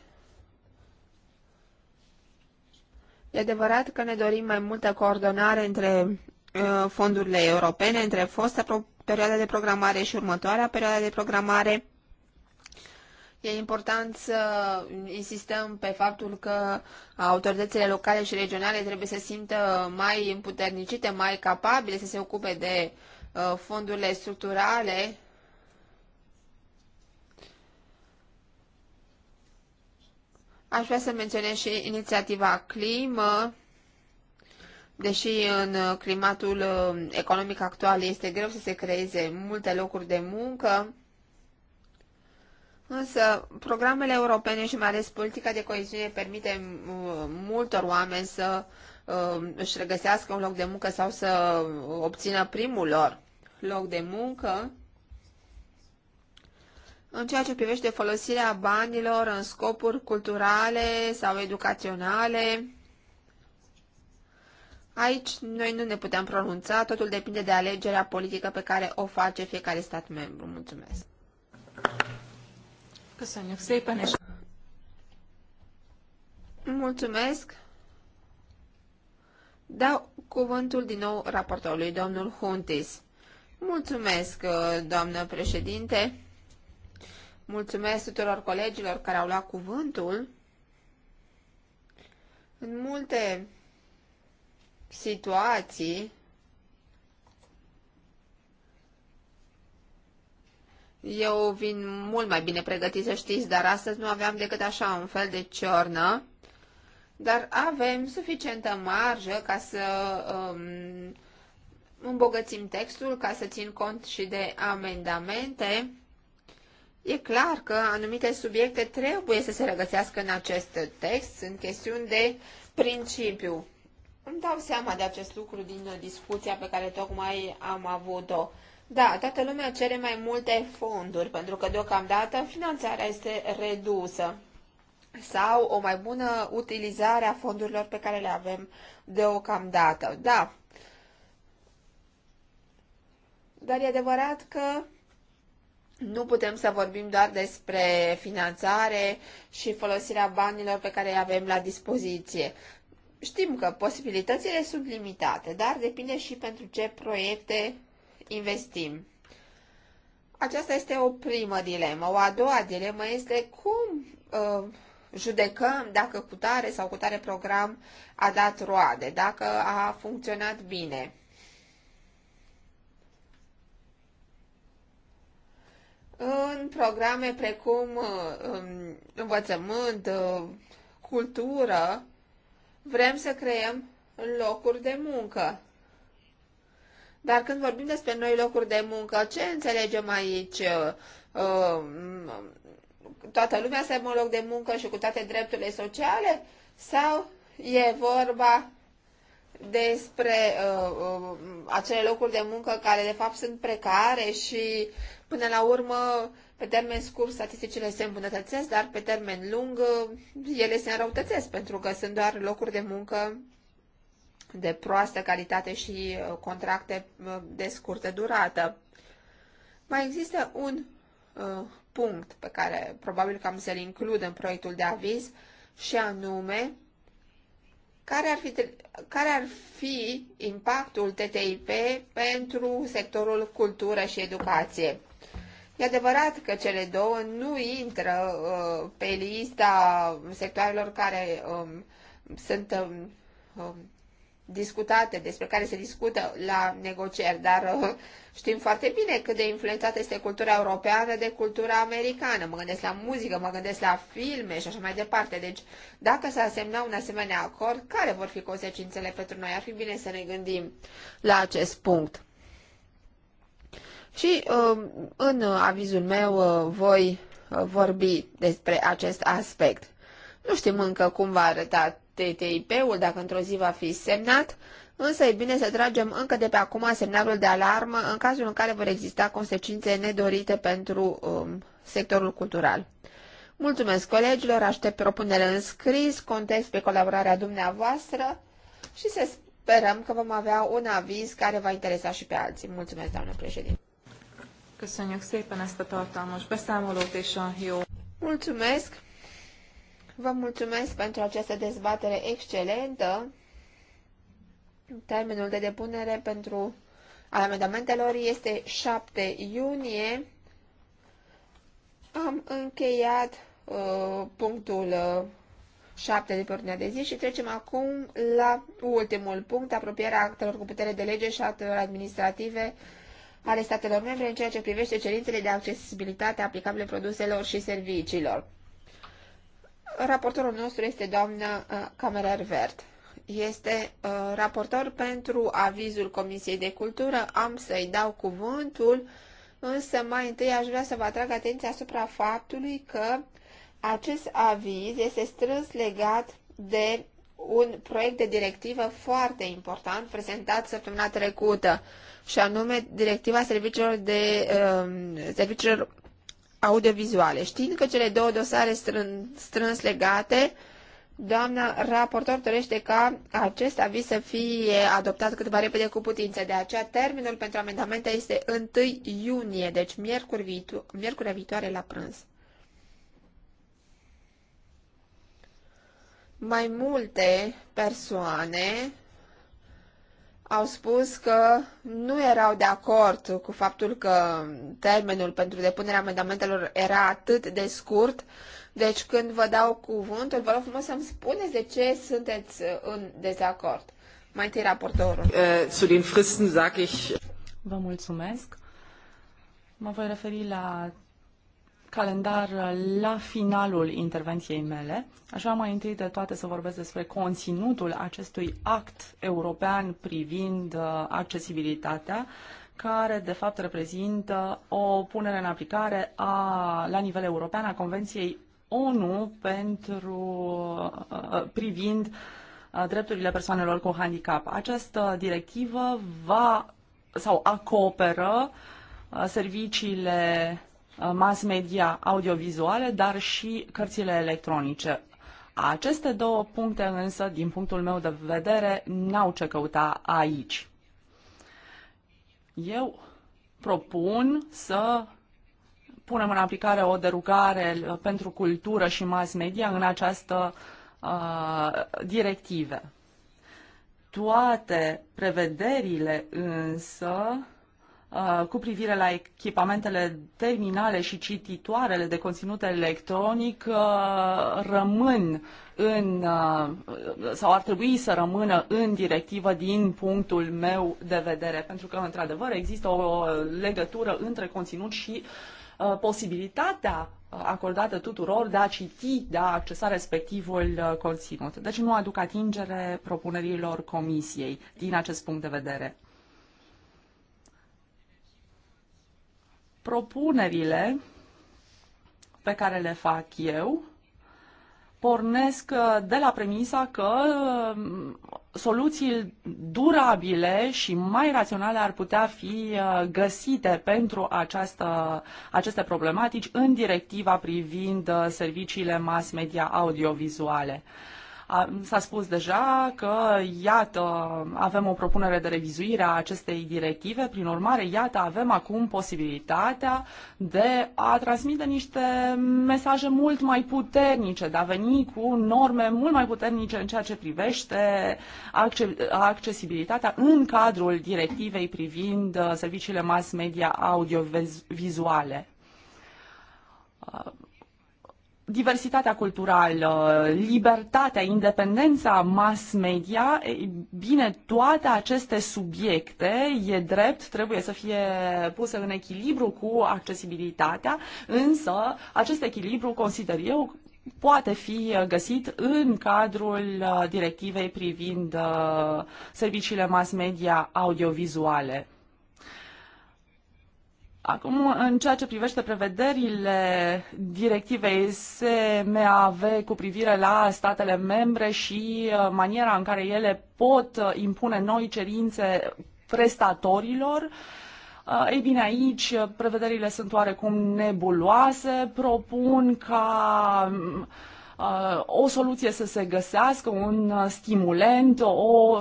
E adevărat că ne dorim mai multă coordonare între uh, fondurile europene, între fosta perioada de programare și următoarea perioada de programare. E important să insistăm pe faptul că autoritățile locale și regionale trebuie să simtă mai împuternicite, mai capabile să se ocupe de uh, fondurile structurale. Aș vrea să menționez și inițiativa climă, Deși în uh, climatul uh, economic actual este greu să se creeze multe locuri de muncă, însă programele europene și mai ales politica de coeziune permite uh, multor oameni să își regăsească un loc de muncă sau să obțină primul lor loc de muncă. În ceea ce privește folosirea banilor în scopuri culturale sau educaționale, Aici noi nu ne putem pronunța, totul depinde de alegerea politică pe care o face fiecare stat membru. Mulțumesc! Mulțumesc! Dau cuvântul din nou raportorului, domnul Huntis. Mulțumesc, uh, doamnă președinte! Mulțumesc tuturor colegilor care au luat cuvântul. În multe situații Eu vin mult mai bine pregătit, să știți, dar astăzi nu aveam decât așa un fel de ciornă. Dar avem suficientă marjă ca să um, îmbogățim textul, ca să țin cont și de amendamente. E clar că anumite subiecte trebuie să se regăsească în acest text, în chestiuni de principiu. Îmi dau seama de acest lucru din discuția pe care tocmai am avut-o. Da, toată lumea cere mai multe fonduri, pentru că deocamdată finanțarea este redusă sau o mai bună utilizare a fondurilor pe care le avem deocamdată. Da. Dar e adevărat că nu putem să vorbim doar despre finanțare și folosirea banilor pe care îi avem la dispoziție. Știm că posibilitățile sunt limitate, dar depinde și pentru ce proiecte investim. Aceasta este o primă dilemă. O a doua dilemă este cum uh, judecăm dacă cu tare sau cu tare program a dat roade, dacă a funcționat bine. În programe precum uh, um, învățământ, uh, cultură, Vrem să creăm locuri de muncă. Dar când vorbim despre noi locuri de muncă, ce înțelegem aici? Uh, um, toată lumea să aibă un loc de muncă și cu toate drepturile sociale? Sau e vorba despre uh, uh, acele locuri de muncă care de fapt sunt precare și Până la urmă, pe termen scurt, statisticile se îmbunătățesc, dar pe termen lung ele se înrăutățesc, pentru că sunt doar locuri de muncă de proastă calitate și uh, contracte uh, de scurtă durată. Mai există un uh, punct pe care probabil că am să-l includ în proiectul de aviz și anume care ar fi, care ar fi impactul TTIP pentru sectorul cultură și educație. E adevărat că cele două nu intră uh, pe lista sectoarelor care um, sunt um, um, discutate, despre care se discută la negocieri, dar uh, știm foarte bine cât de influențată este cultura europeană de cultura americană. Mă gândesc la muzică, mă gândesc la filme și așa mai departe. Deci, dacă s-a semna un asemenea acord, care vor fi consecințele pentru noi? Ar fi bine să ne gândim la acest punct. Și um, în uh, avizul meu uh, voi uh, vorbi despre acest aspect. Nu știm încă cum va arăta TTIP-ul, dacă într-o zi va fi semnat, însă e bine să tragem încă de pe acum semnalul de alarmă în cazul în care vor exista consecințe nedorite pentru um, sectorul cultural. Mulțumesc colegilor, aștept propunere în scris, contez pe colaborarea dumneavoastră și să sperăm că vom avea un aviz care va interesa și pe alții. Mulțumesc, doamnă președinte. Köszönjük szépen ezt a tartalmas beszámolót és a jó. Mulțumesc! Vă mulțumesc pentru această dezbatere excelentă. Termenul de depunere pentru amendamentelor este 7 iunie. Am încheiat uh, punctul uh, 7 de pe ordinea de zi și trecem acum la ultimul punct, apropierea actelor cu putere de lege și actelor administrative ale statelor membre în ceea ce privește cerințele de accesibilitate aplicabile produselor și serviciilor. Raportorul nostru este doamna uh, Camerer Vert. Este uh, raportor pentru avizul Comisiei de Cultură. Am să-i dau cuvântul, însă mai întâi aș vrea să vă atrag atenția asupra faptului că acest aviz este strâns legat de un proiect de directivă foarte important prezentat săptămâna trecută, și anume Directiva Serviciilor, de, um, serviciilor Audiovizuale. Știind că cele două dosare strâns, strâns legate, doamna raportor dorește ca acest aviz să fie adoptat cât mai repede cu putință. De aceea, termenul pentru amendamente este 1 iunie, deci miercuri, viito- miercuri viitoare la prânz. Mai multe persoane au spus că nu erau de acord cu faptul că termenul pentru depunerea amendamentelor era atât de scurt. Deci când vă dau cuvântul, vă rog frumos să-mi spuneți de ce sunteți în dezacord. Mai întâi raportorul. Eh, zu den Fristen sag ich... Vă mulțumesc. Mă voi referi la calendar la finalul intervenției mele. Așa mai întâi de toate să vorbesc despre conținutul acestui act european privind uh, accesibilitatea, care de fapt reprezintă o punere în aplicare a, la nivel european a Convenției ONU pentru, uh, uh, privind drepturile persoanelor cu handicap. Această directivă va sau acoperă serviciile mass media audiovizuale, dar și cărțile electronice. Aceste două puncte însă, din punctul meu de vedere, n-au ce căuta aici. Eu propun să punem în aplicare o derugare pentru cultură și mass media în această uh, directive. Toate prevederile însă Uh, cu privire la echipamentele terminale și cititoarele de conținut electronic uh, rămân în, uh, sau ar trebui să rămână în directivă din punctul meu de vedere, pentru că, într-adevăr, există o legătură între conținut și posibilitatea acordată tuturor de a citi, de a accesa respectivul conținut. Deci nu aduc atingere propunerilor comisiei din acest punct de vedere. Propunerile pe care le fac eu pornesc uh, de la premisa că um, soluții durabile și mai raționale ar putea fi uh, găsite pentru această, aceste problematici în directiva privind uh, serviciile mass media audiovizuale. S-a spus deja că, iată, avem o propunere de revizuire a acestei directive, prin urmare, iată, avem acum posibilitatea de a transmite niște mesaje mult mai puternice, de a veni cu norme mult mai puternice în ceea ce privește accesibilitatea în cadrul directivei privind uh, serviciile mass media audio audiovizuale. Uh, diversitatea culturală, libertatea, independența mass media, bine, toate aceste subiecte, e drept, trebuie să fie puse în echilibru cu accesibilitatea, însă acest echilibru, consider eu, poate fi găsit în cadrul uh, directivei privind uh, serviciile mass media audiovizuale. Acum, în ceea ce privește prevederile directivei SMAV cu privire la statele membre și uh, maniera în care ele pot uh, impune noi cerințe prestatorilor, uh, ei bine, aici prevederile sunt oarecum nebuloase, propun ca mm, Uh, o soluție să se găsească, un uh, stimulent, o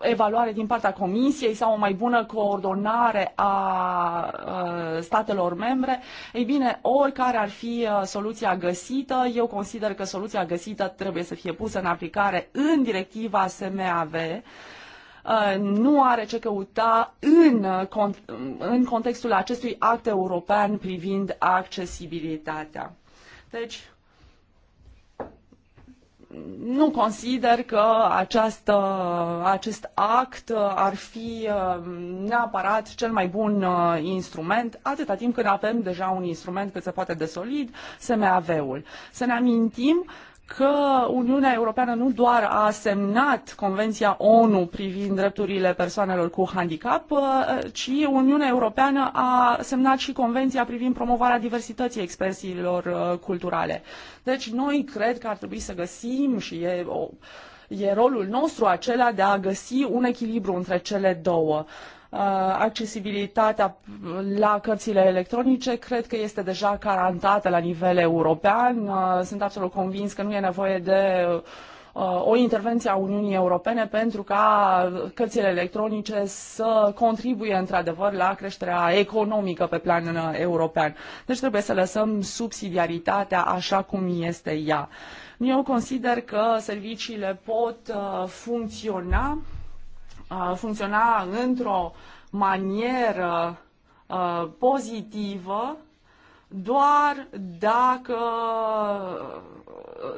evaluare din partea Comisiei sau o mai bună coordonare a uh, statelor membre. Ei bine, oricare ar fi soluția găsită, eu consider că soluția găsită trebuie să fie pusă în aplicare în directiva SMAV, nu are ce căuta în, în contextul acestui act european privind accesibilitatea. Deci, nu consider că această, acest act uh, ar fi uh, neapărat cel mai bun uh, instrument, atâta timp când avem deja un instrument cât se poate de solid, SMAV-ul. Să ne amintim că Uniunea Europeană nu doar a semnat Convenția ONU privind drepturile persoanelor cu handicap, uh, ci Uniunea Europeană a semnat și Convenția privind promovarea diversității expresiilor uh, culturale. Deci noi cred că ar trebui să găsim și e o, e rolul nostru acela de a găsi un echilibru între cele două. Uh, accesibilitatea la cărțile electronice cred că este deja garantată la nivel european. Uh, sunt absolut convins că nu e nevoie de uh, o intervenție a Uniunii Europene pentru ca cărțile electronice să contribuie într-adevăr la creșterea economică pe plan european. Deci trebuie să lăsăm subsidiaritatea așa cum este ea. Eu consider că serviciile pot funcționa funcționa într-o manieră uh, pozitivă doar dacă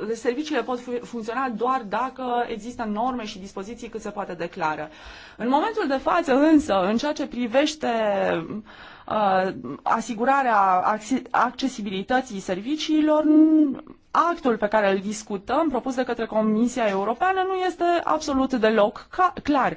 uh, serviciile pot funcționa doar dacă există norme și dispoziții cât se poate declară. În momentul de față însă, în ceea ce privește uh, Uh, asigurarea accesibilității serviciilor, actul pe care îl discutăm, propus de către Comisia Europeană, nu este absolut deloc clar.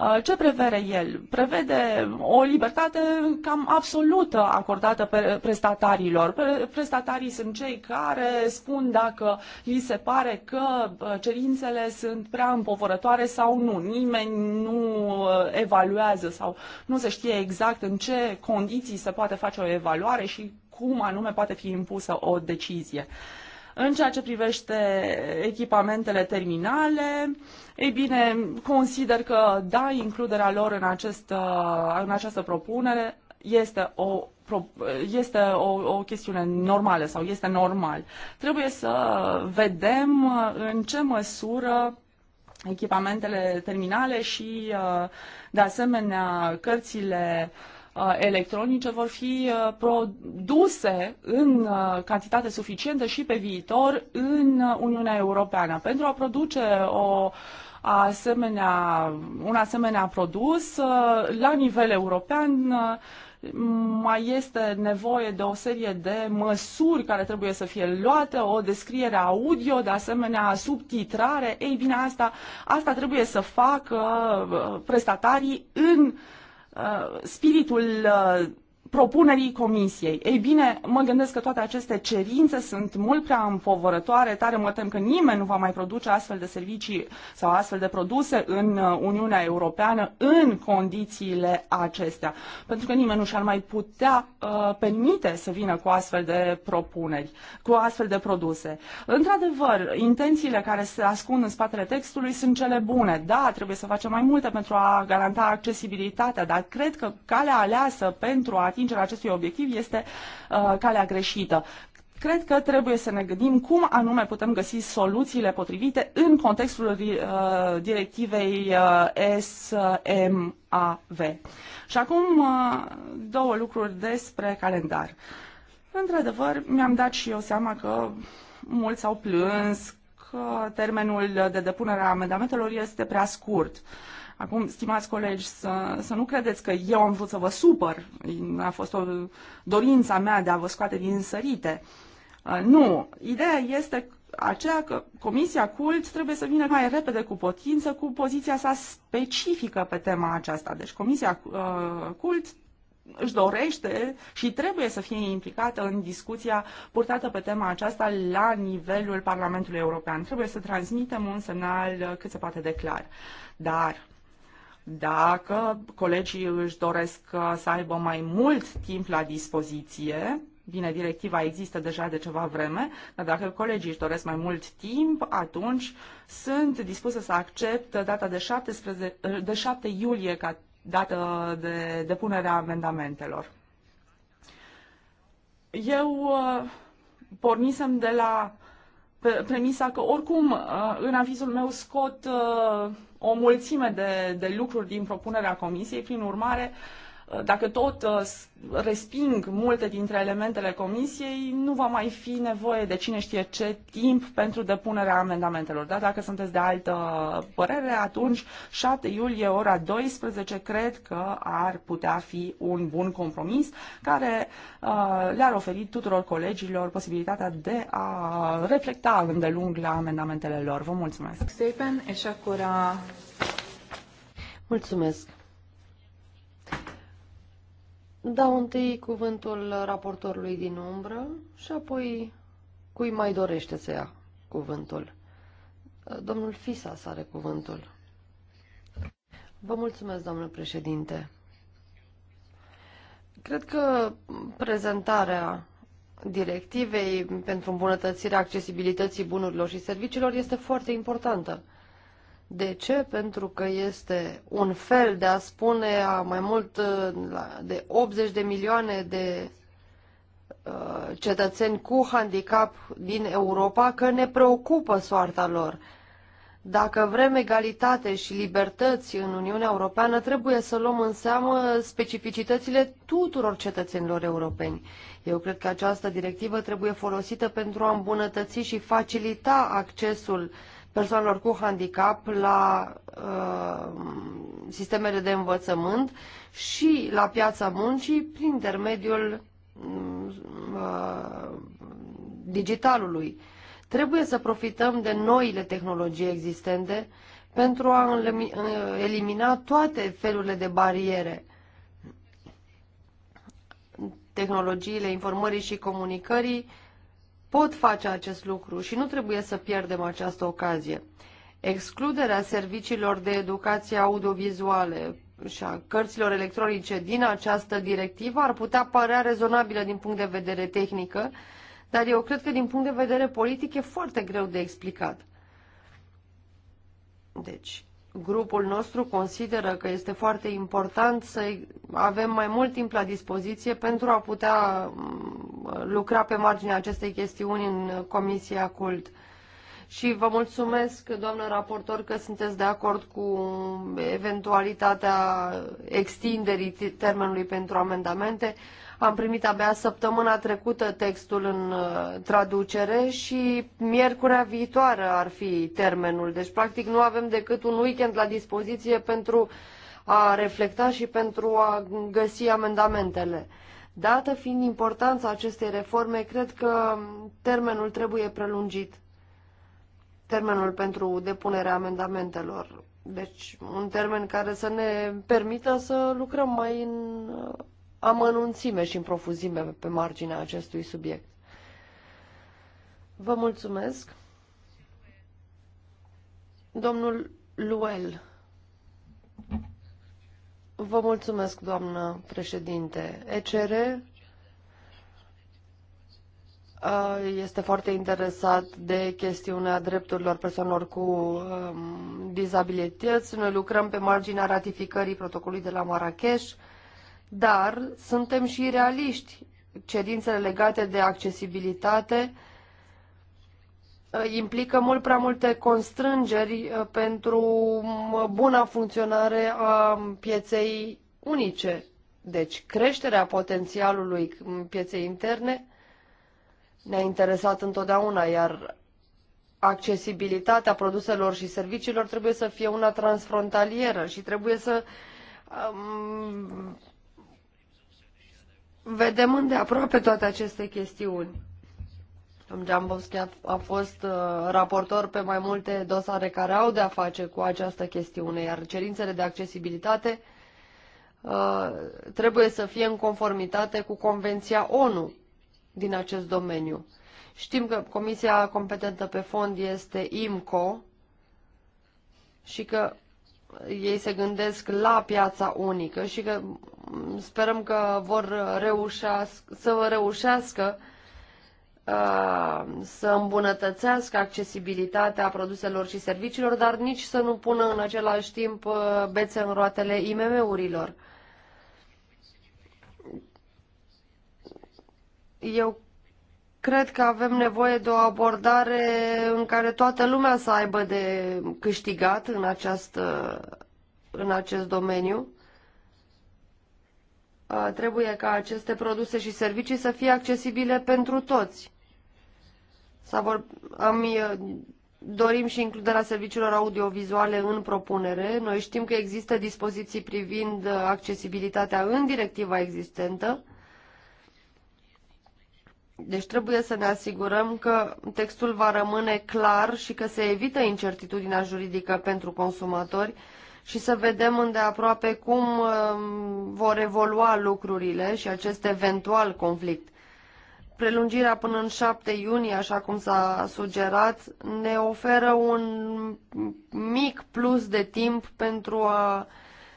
Uh, ce prevede el? Prevede o libertate cam absolută acordată pe prestatarilor. Prestatarii sunt cei care spun dacă li se pare că uh, cerințele sunt prea împovărătoare sau nu. Nimeni nu uh, evaluează sau nu se știe exact în ce condiții se poate face o evaluare și cum anume poate fi impusă o decizie. Uh, în ceea ce privește echipamentele terminale, ei bine, consider că, da, includerea lor în, acest, uh, în această propunere este o este o, o chestiune normală sau este normal. Trebuie să vedem uh, în ce măsură echipamentele terminale și, uh, de asemenea, cărțile uh, Uh, electronice vor fi uh, produse în uh, cantitate suficientă și pe viitor în Uniunea Europeană. Pentru a produce o asemenea, un asemenea produs la nivel european mai este nevoie de o serie de măsuri care trebuie să fie luate, o descriere audio, de asemenea subtitrare. Ei bine, asta, asta trebuie să facă prestatarii în uh, Uh, spiritul uh, propunerii comisiei. Ei bine, mă gândesc că toate aceste cerințe sunt mult prea împovărătoare, tare mă tem că nimeni nu va mai produce astfel de servicii sau astfel de produse în uh, Uniunea Europeană în condițiile acestea, pentru că nimeni nu și-ar mai putea uh, permite să vină cu astfel de propuneri, cu astfel de produse. Într-adevăr, intențiile care se ascund în spatele textului sunt cele bune. Da, trebuie să facem mai multe pentru a garanta accesibilitatea, dar cred că calea aleasă pentru a atingerea acestui obiectiv este uh, calea greșită. Cred că trebuie să ne gândim cum anume putem găsi soluțiile potrivite în contextul uh, directivei uh, SMAV. Și acum uh, două lucruri despre calendar. Într-adevăr, mi-am dat și eu seama că mulți au plâns că termenul de depunere a amendamentelor este prea scurt. Uh, Acum, stimați colegi, să, să nu credeți că eu am vrut să vă supăr. A fost o dorința mea de a vă scoate din sărite. Uh, nu. Ideea este aceea că Comisia CULT trebuie să vină mai repede cu potință cu poziția sa specifică pe tema aceasta. Deci Comisia uh, CULT își dorește și trebuie să fie implicată în discuția purtată pe tema aceasta la nivelul Parlamentului European. Trebuie să transmitem un semnal cât se poate de clar. Dar dacă colegii își doresc să aibă mai mult timp la dispoziție, bine, directiva există deja de ceva vreme, dar dacă colegii își doresc mai mult timp, atunci sunt dispusă să accept data de, 17, de 7 iulie ca dată de depunere a amendamentelor. Eu uh, pornisem de la premisa că oricum uh, în avizul meu scot uh, o mulțime de, de lucruri din propunerea comisiei, prin urmare, dacă tot uh, resping multe dintre elementele comisiei, nu va mai fi nevoie de cine știe ce timp pentru depunerea amendamentelor. Da? Dacă sunteți de altă părere, atunci 7 iulie, ora 12, cred că ar putea fi un bun compromis care uh, le-ar oferi tuturor colegilor posibilitatea de a reflecta îndelung la amendamentele lor. Vă mulțumesc! Mulțumesc! Dau întâi cuvântul raportorului din umbră și apoi cui mai dorește să ia cuvântul. Domnul Fisa să are cuvântul. Vă mulțumesc, domnule președinte. Cred că prezentarea directivei pentru îmbunătățirea accesibilității bunurilor și serviciilor este foarte importantă. De ce? Pentru că este un fel de a spune a mai mult uh, de 80 de milioane de uh, cetățeni cu handicap din Europa că ne preocupă soarta lor. Dacă vrem egalitate și libertăți în Uniunea Europeană, trebuie să luăm în seamă specificitățile tuturor cetățenilor europeni. Eu cred că această directivă trebuie folosită pentru a îmbunătăți și facilita accesul uh, persoanelor cu handicap la uh, sistemele de învățământ și la piața muncii prin intermediul uh, digitalului. Trebuie să profităm de noile tehnologii existente pentru a uh, elimina toate felurile de bariere. Tehnologiile informării și comunicării pot face acest lucru și nu trebuie să pierdem această ocazie. Excluderea serviciilor de educație audiovizuale și a cărților electronice din această directivă ar putea părea rezonabilă din punct de vedere tehnică, dar eu cred că din punct de vedere politic e foarte greu de explicat. Deci, grupul nostru consideră că este foarte important să avem mai mult timp la dispoziție pentru a putea mm, lucra pe marginea acestei chestiuni în Comisia Cult. Și vă mulțumesc, doamnă raportor, că sunteți de acord cu eventualitatea extinderii termenului pentru amendamente. Am primit abia săptămâna trecută textul în uh, traducere și miercurea viitoare ar fi termenul. Deci, practic, nu avem decât un weekend la dispoziție pentru a reflecta și pentru a găsi amendamentele. Dată fiind importanța acestei reforme, cred că termenul trebuie prelungit. Termenul pentru depunerea amendamentelor. Deci, un termen care să ne permită să lucrăm mai în uh, amănunțime și în profuzime pe marginea acestui subiect. Vă mulțumesc. Domnul Luel. Vă mulțumesc, doamnă președinte. ECR este foarte interesat de chestiunea drepturilor persoanelor cu um, dizabilități. Noi lucrăm pe marginea ratificării protocolului de la Marrakesh dar suntem și realiști. Cerințele legate de accesibilitate uh, implică mult prea multe constrângeri uh, pentru uh, buna funcționare a pieței unice. Deci creșterea potențialului pieței interne ne-a interesat întotdeauna, iar accesibilitatea produselor și serviciilor trebuie să fie una transfrontalieră și trebuie să um, vedem îndeaproape toate aceste chestiuni. Domnul Giambovski a, a fost uh, raportor pe mai multe dosare care au de-a face cu această chestiune, iar cerințele de accesibilitate uh, trebuie să fie în conformitate cu Convenția ONU din acest domeniu. Știm că comisia competentă pe fond este IMCO și că ei se gândesc la piața unică și că mm, sperăm că vor reușească, să reușească uh, să îmbunătățească accesibilitatea produselor și serviciilor, dar nici să nu pună în același timp uh, bețe în roatele IMM-urilor. Eu cred că avem nevoie de o abordare în care toată lumea să aibă de câștigat în, această, în acest domeniu. Trebuie ca aceste produse și servicii să fie accesibile pentru toți. Să vor... Am, dorim și includerea serviciilor audiovizuale în propunere. Noi știm că există dispoziții privind accesibilitatea în directiva existentă. Deci trebuie să ne asigurăm că textul va rămâne clar și că se evită incertitudinea juridică pentru consumatori și să vedem îndeaproape cum um, vor evolua lucrurile și acest eventual conflict. Prelungirea până în 7 iunie, așa cum s-a sugerat, ne oferă un mic plus de timp pentru a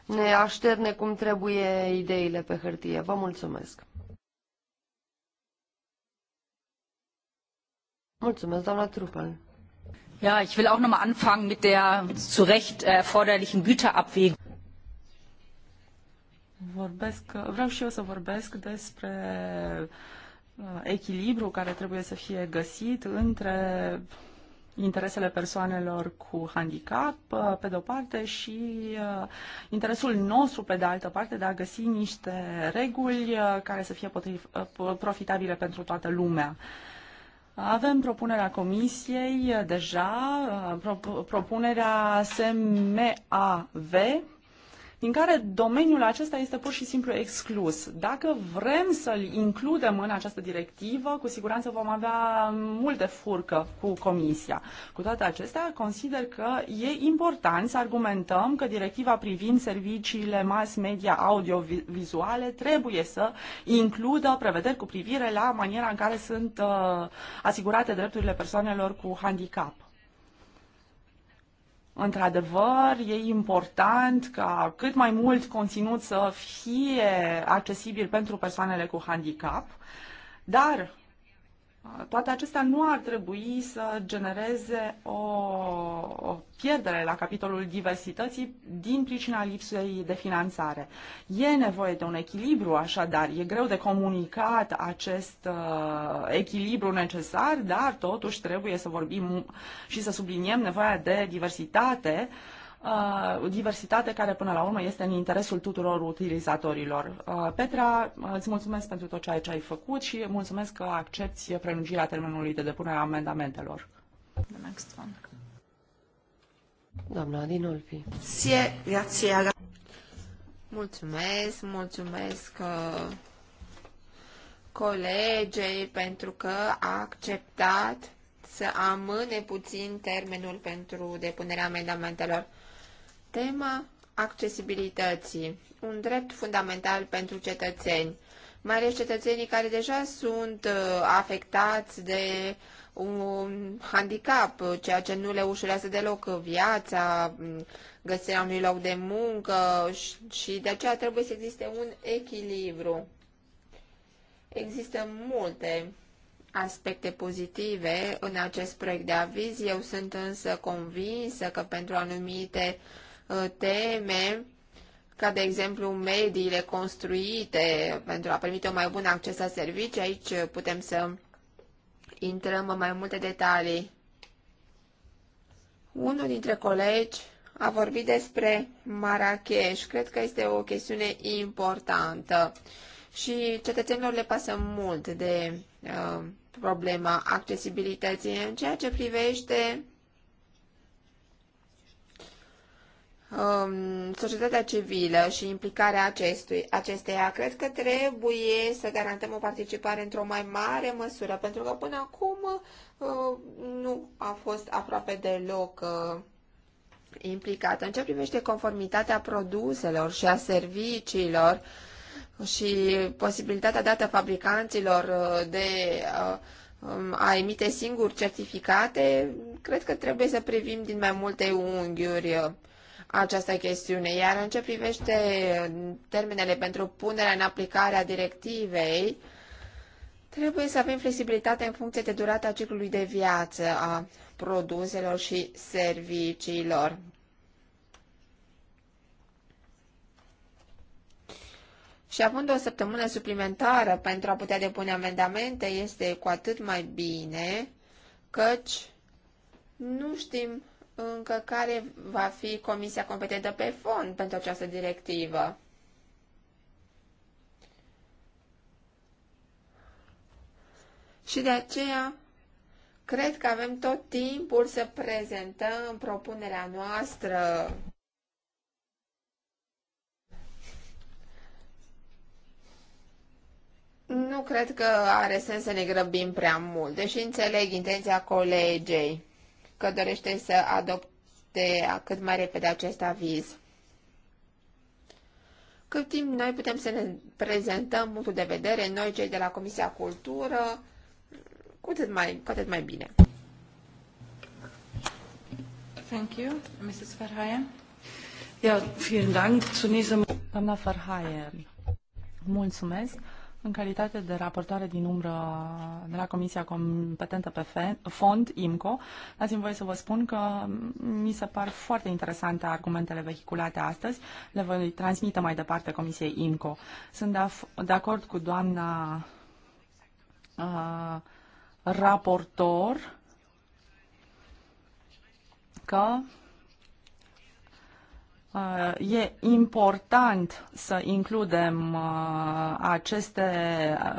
ne așterne cum trebuie ideile pe hârtie. Vă mulțumesc! Mulțumesc, doamna Trupel. Ja, ich will auch anfangen mit der zu Recht erforderlichen Güterabwägung. Vorbesc, vreau și eu să vorbesc despre uh, echilibru care trebuie să fie găsit între interesele persoanelor cu handicap, uh, pe de-o parte, și uh, interesul nostru, pe de altă parte, de a găsi niște reguli care să fie potrif, profitabile pentru toată lumea. Avem propunerea comisiei uh, deja, uh, propunerea SMAV din care domeniul acesta este pur și simplu exclus. Dacă vrem să-l includem în această directivă, cu siguranță vom avea multe furcă cu Comisia. Cu toate acestea, consider că e important să argumentăm că directiva privind serviciile mass media audiovizuale trebuie să includă prevederi cu privire la maniera în care sunt uh, asigurate drepturile persoanelor cu handicap. Într-adevăr, e important ca cât mai mult conținut să fie accesibil pentru persoanele cu handicap, dar toate acestea nu ar trebui să genereze o, o pierdere la capitolul diversității din pricina lipsei de finanțare. E nevoie de un echilibru, așadar, e greu de comunicat acest uh, echilibru necesar, dar totuși trebuie să vorbim și să subliniem nevoia de diversitate uh, Uh, diversitate care până la urmă este în interesul tuturor utilizatorilor. Uh, Petra, uh, îți mulțumesc pentru tot ceea ce ai făcut și mulțumesc că accepti prelungirea termenului de depunere a amendamentelor. The next one. Doamna Dinolfi. Sie, grazie. Mulțumesc, mulțumesc uh, colegei pentru că a acceptat să amâne puțin termenul pentru depunerea amendamentelor tema accesibilității, un drept fundamental pentru cetățeni, mai ales cetățenii care deja sunt uh, afectați de un handicap, ceea ce nu le ușurează deloc viața, mm, găsirea unui loc de muncă și de aceea trebuie să existe un echilibru. Există multe aspecte pozitive în acest proiect de aviz. Eu sunt însă convinsă că pentru anumite Uh, teme ca de exemplu mediile construite pentru a permite o mai bună acces la servicii. Aici putem să intrăm în mai multe detalii. Unul dintre colegi a vorbit despre Marrakesh. Cred că este o chestiune importantă și cetățenilor le pasă mult de uh, problema accesibilității în ceea ce privește um, societatea civilă și implicarea acestui, acesteia, cred că trebuie să garantăm o participare într-o mai mare măsură, pentru că până acum uh, nu a fost aproape deloc uh, implicată. În ce privește conformitatea produselor și a serviciilor și posibilitatea dată fabricanților uh, de uh, um, a emite singur certificate, cred că trebuie să privim din mai multe unghiuri uh, această chestiune. Iar în ce privește termenele pentru punerea în aplicare a directivei, trebuie să avem flexibilitate în funcție de durata ciclului de viață a produselor și serviciilor. Și având o săptămână suplimentară pentru a putea depune amendamente, este cu atât mai bine, căci nu știm încă care va fi comisia competentă pe fond pentru această directivă. Și de aceea, cred că avem tot timpul să prezentăm propunerea noastră Nu cred că are sens să ne grăbim prea mult, deși înțeleg intenția colegei că dorește să adopte cât mai repede acest aviz. Cât timp noi putem să ne prezentăm punctul de vedere, noi cei de la Comisia Cultură, cu atât mai, cu atât mai bine. Thank you, Mrs. Verheyen. Ja, vielen Dank. Zunächst einmal... Doamna Verheyen, mulțumesc. În calitate de raportoare din umbră de la Comisia Competentă pe Fond, IMCO, dați-mi voie să vă spun că mi se par foarte interesante argumentele vehiculate astăzi. Le voi transmite mai departe Comisiei IMCO. Sunt de, de acord cu doamna uh, raportor că Uh, e important să includem uh, aceste,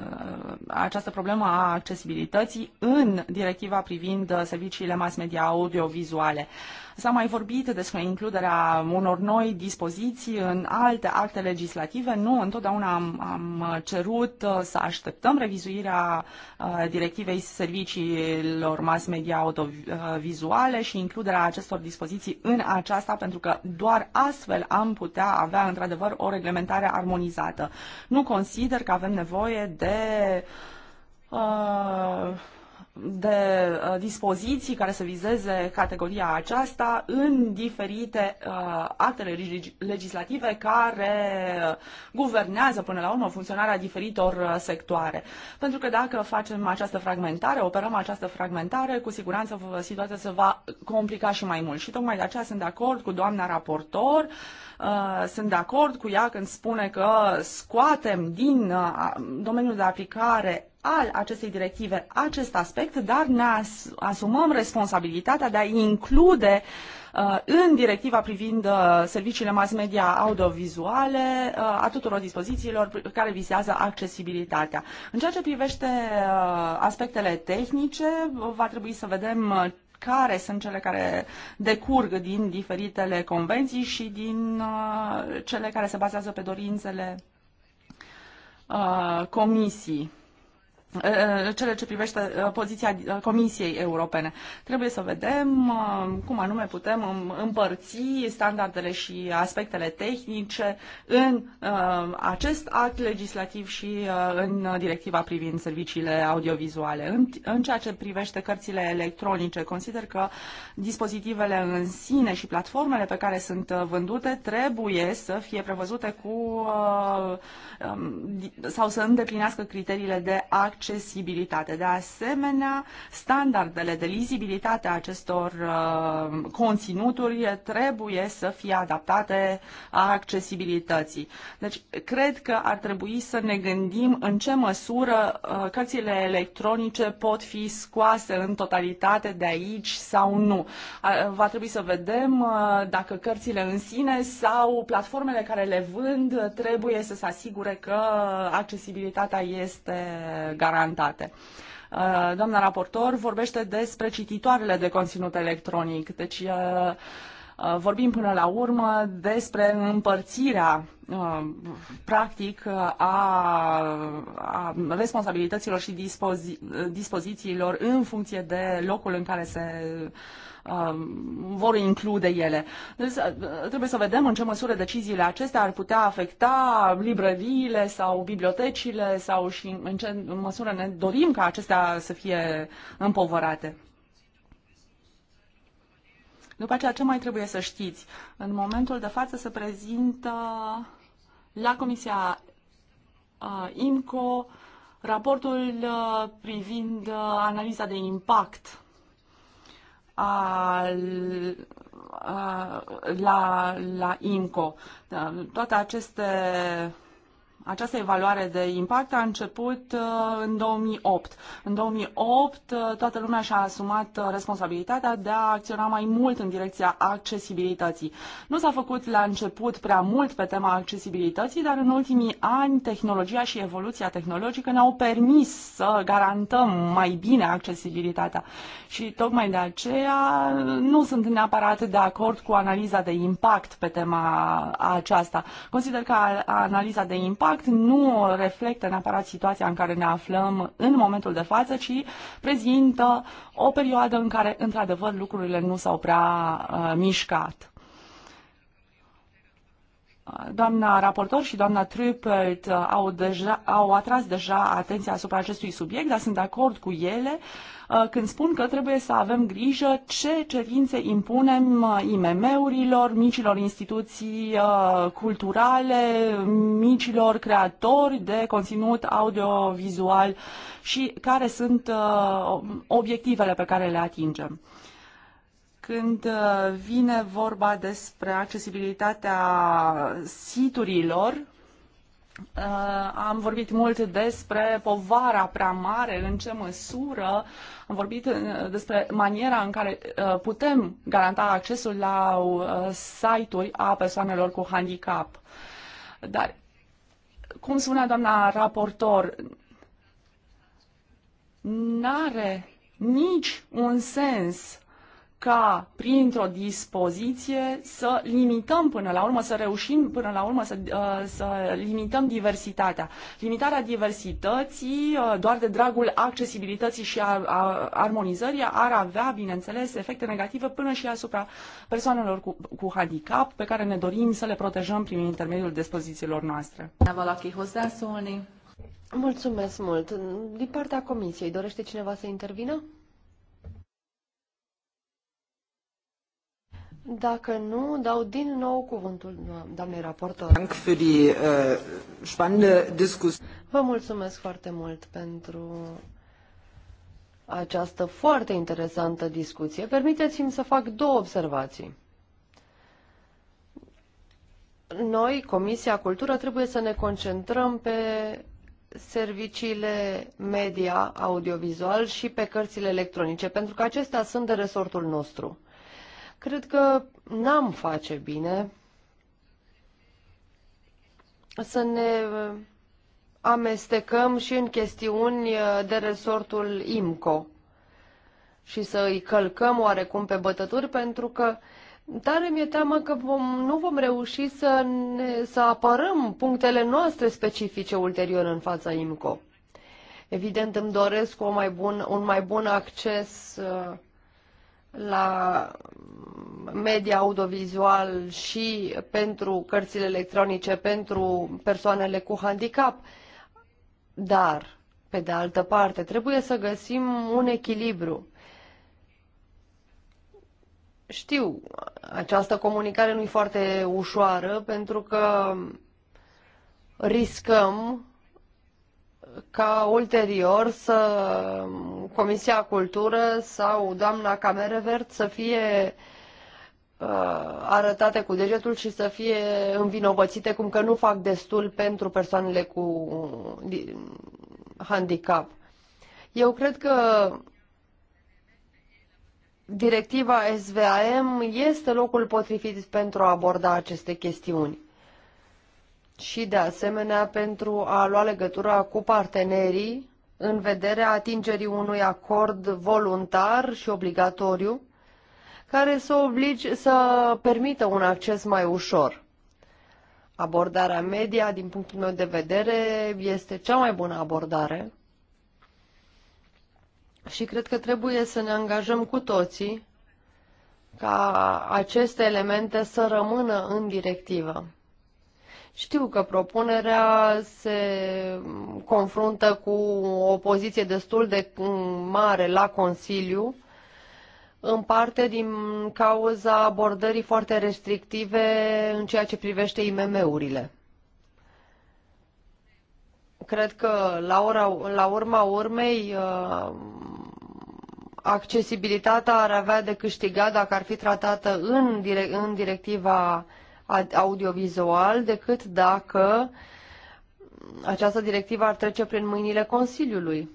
uh, această problemă a accesibilității în directiva privind serviciile mass media audiovizuale. S-a mai vorbit despre includerea unor noi dispoziții în alte acte legislative. Nu, întotdeauna am, am cerut uh, să așteptăm revizuirea uh, directivei serviciilor mass media autovizuale și includerea acestor dispoziții în aceasta, pentru că doar astfel am putea avea într-adevăr o reglementare armonizată. Nu consider că avem nevoie de uh, de uh, dispoziții care să vizeze categoria aceasta în diferite uh, actele legislative care guvernează până la urmă funcționarea diferitor uh, sectoare. Pentru că dacă facem această fragmentare, operăm această fragmentare, cu siguranță situația se va complica și mai mult. Și tocmai de aceea sunt de acord cu doamna raportor, sunt de acord cu ea când spune că scoatem din domeniul de aplicare al acestei directive acest aspect, dar ne as asumăm responsabilitatea de a include uh, în directiva privind uh, serviciile mass media audiovizuale uh, a tuturor dispozițiilor care vizează accesibilitatea. În ceea ce privește aspectele tehnice, va trebui să vedem care sunt cele care decurg din diferitele convenții și din cele care se bazează pe dorințele comisiei cele ce privește uh, poziția uh, Comisiei Europene. Trebuie să vedem uh, cum anume putem um, împărți standardele și aspectele tehnice în acest act legislativ și în directiva privind serviciile audiovizuale. În ceea ce privește cărțile electronice, consider că dispozitivele în sine și platformele pe care sunt vândute trebuie să fie prevăzute cu um, sau să îndeplinească criteriile de act accesibilitate. De asemenea, standardele de lizibilitate a acestor uh, conținuturi trebuie să fie adaptate a accesibilității. Deci, cred că ar trebui să ne gândim în ce măsură uh, cărțile electronice pot fi scoase în totalitate de aici sau nu. Uh, va trebui să vedem dacă cărțile în sine sau platformele care le vând trebuie să se asigure că accesibilitatea este garantată garantate. Uh, doamna raportor vorbește despre cititoarele de conținut electronic, deci uh, uh, vorbim până la urmă despre împărțirea practic a, a responsabilităților și dispozi, dispozițiilor în funcție de locul în care se Um, vor include ele. Deci, trebuie să vedem în ce măsură deciziile acestea ar putea afecta librăriile sau bibliotecile sau și în ce măsură ne dorim ca acestea să fie împovărate. După aceea, ce mai trebuie să știți? În momentul de față se prezintă la Comisia uh, IMCO raportul uh, privind uh, analiza de impact a, a, la, la INCO. Da, toate aceste această evaluare de impact a început uh, în 2008. În 2008 uh, toată lumea și-a asumat uh, responsabilitatea de a acționa mai mult în direcția accesibilității. Nu s-a făcut la început prea mult pe tema accesibilității, dar în ultimii ani tehnologia și evoluția tehnologică ne-au permis să garantăm mai bine accesibilitatea. Și tocmai de aceea nu sunt neapărat de acord cu analiza de impact pe tema aceasta. Consider că analiza de impact Fapt nu reflectă neapărat situația în care ne aflăm în momentul de față, ci prezintă o perioadă în care, într-adevăr, lucrurile nu s-au prea uh, mișcat. Doamna raportor și doamna Trüppelt au, deja, au atras deja atenția asupra acestui subiect, dar sunt de acord cu ele uh, când spun că trebuie să avem grijă ce cerințe impunem uh, IMM-urilor, micilor instituții uh, culturale, micilor creatori de conținut audiovizual și care sunt obiectivele pe care le atingem când uh, vine vorba despre accesibilitatea siturilor, uh, am vorbit mult despre povara prea mare, în ce măsură, am vorbit uh, despre maniera în care putem garanta accesul la site-uri a persoanelor cu handicap. Dar, cum spunea doamna raportor, n-are nici un sens ca printr-o dispoziție să limităm până la urmă, să reușim până la urmă să, uh, să limităm diversitatea. Limitarea diversității uh, doar de dragul accesibilității și a, a, armonizării ar avea, bineînțeles, efecte negative până și asupra persoanelor cu, cu handicap pe care ne dorim să le protejăm prin intermediul dispozițiilor noastre. Mulțumesc mult. Din partea Comisiei, dorește cineva să intervină? Dacă nu, dau din nou cuvântul doamnei raportor. Äh, Vă mulțumesc foarte mult pentru această foarte interesantă discuție. Permiteți-mi să fac două observații. Noi, Comisia Cultură, trebuie să ne concentrăm pe serviciile media, audiovizual și pe cărțile electronice, pentru că acestea sunt de resortul nostru cred că n-am face bine să ne uh, amestecăm și în chestiuni uh, de resortul IMCO și să îi călcăm oarecum pe bătături, pentru că tare mi-e teamă că vom, nu vom reuși să, ne, să apărăm punctele noastre specifice ulterior în fața IMCO. Evident, îmi doresc o mai bun, un mai bun acces uh, la media audiovizual și pentru cărțile electronice pentru persoanele cu handicap. Dar, pe de altă parte, trebuie să găsim un echilibru. Știu, această comunicare nu e foarte ușoară pentru că riscăm ca ulterior să Comisia Cultură sau doamna Camerevert să fie uh, arătate cu degetul și să fie învinovățite cum că nu fac destul pentru persoanele cu handicap. Eu cred că directiva SVAM este locul potrivit pentru a aborda aceste chestiuni și de asemenea pentru a lua legătura cu partenerii în vederea atingerii unui acord voluntar și obligatoriu care să oblige să permită un acces mai ușor. Abordarea media, din punctul meu de vedere, este cea mai bună abordare și cred că trebuie să ne angajăm cu toții ca aceste elemente să rămână în directivă. Știu că propunerea se confruntă cu o poziție destul de mare la Consiliu, în parte din cauza abordării foarte restrictive în ceea ce privește IMM-urile. Cred că la, ora, la urma urmei uh, accesibilitatea ar avea de câștigat dacă ar fi tratată în, direct, în directiva audiovizual decât dacă această directivă ar trece prin mâinile Consiliului.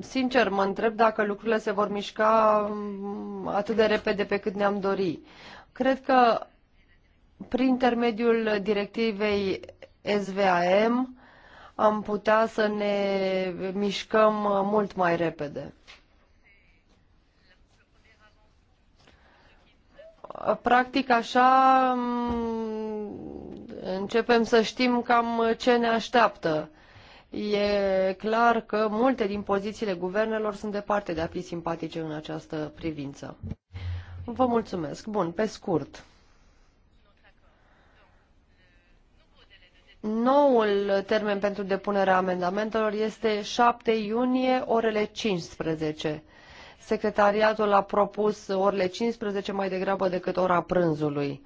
Sincer, mă întreb dacă lucrurile se vor mișca mm, atât de repede pe cât ne-am dori. Cred că prin intermediul directivei SVAM am putea să ne mișcăm mult mai repede. practic așa mm, începem să știm cam ce ne așteaptă. E clar că multe din pozițiile guvernelor sunt departe de a fi simpatice în această privință. Vă mulțumesc. Bun, pe scurt. Noul termen pentru depunerea amendamentelor este 7 iunie, orele 15. Secretariatul a propus orele 15 mai degrabă decât ora prânzului.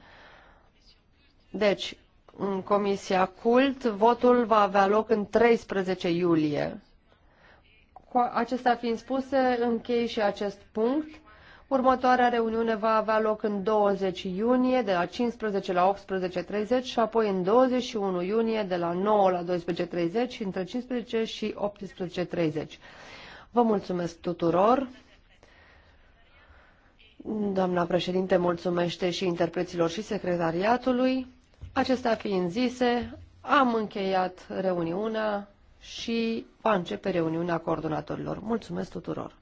Deci, în Comisia CULT, votul va avea loc în 13 iulie. Cu acestea fiind spuse, închei și acest punct. Următoarea reuniune va avea loc în 20 iunie de la 15 la 18.30 și apoi în 21 iunie de la 9 la 12.30 și între 15 și 18.30. Vă mulțumesc tuturor! Doamna președinte mulțumește și interpreților și secretariatului. Acestea fiind zise, am încheiat reuniunea și va începe reuniunea coordonatorilor. Mulțumesc tuturor!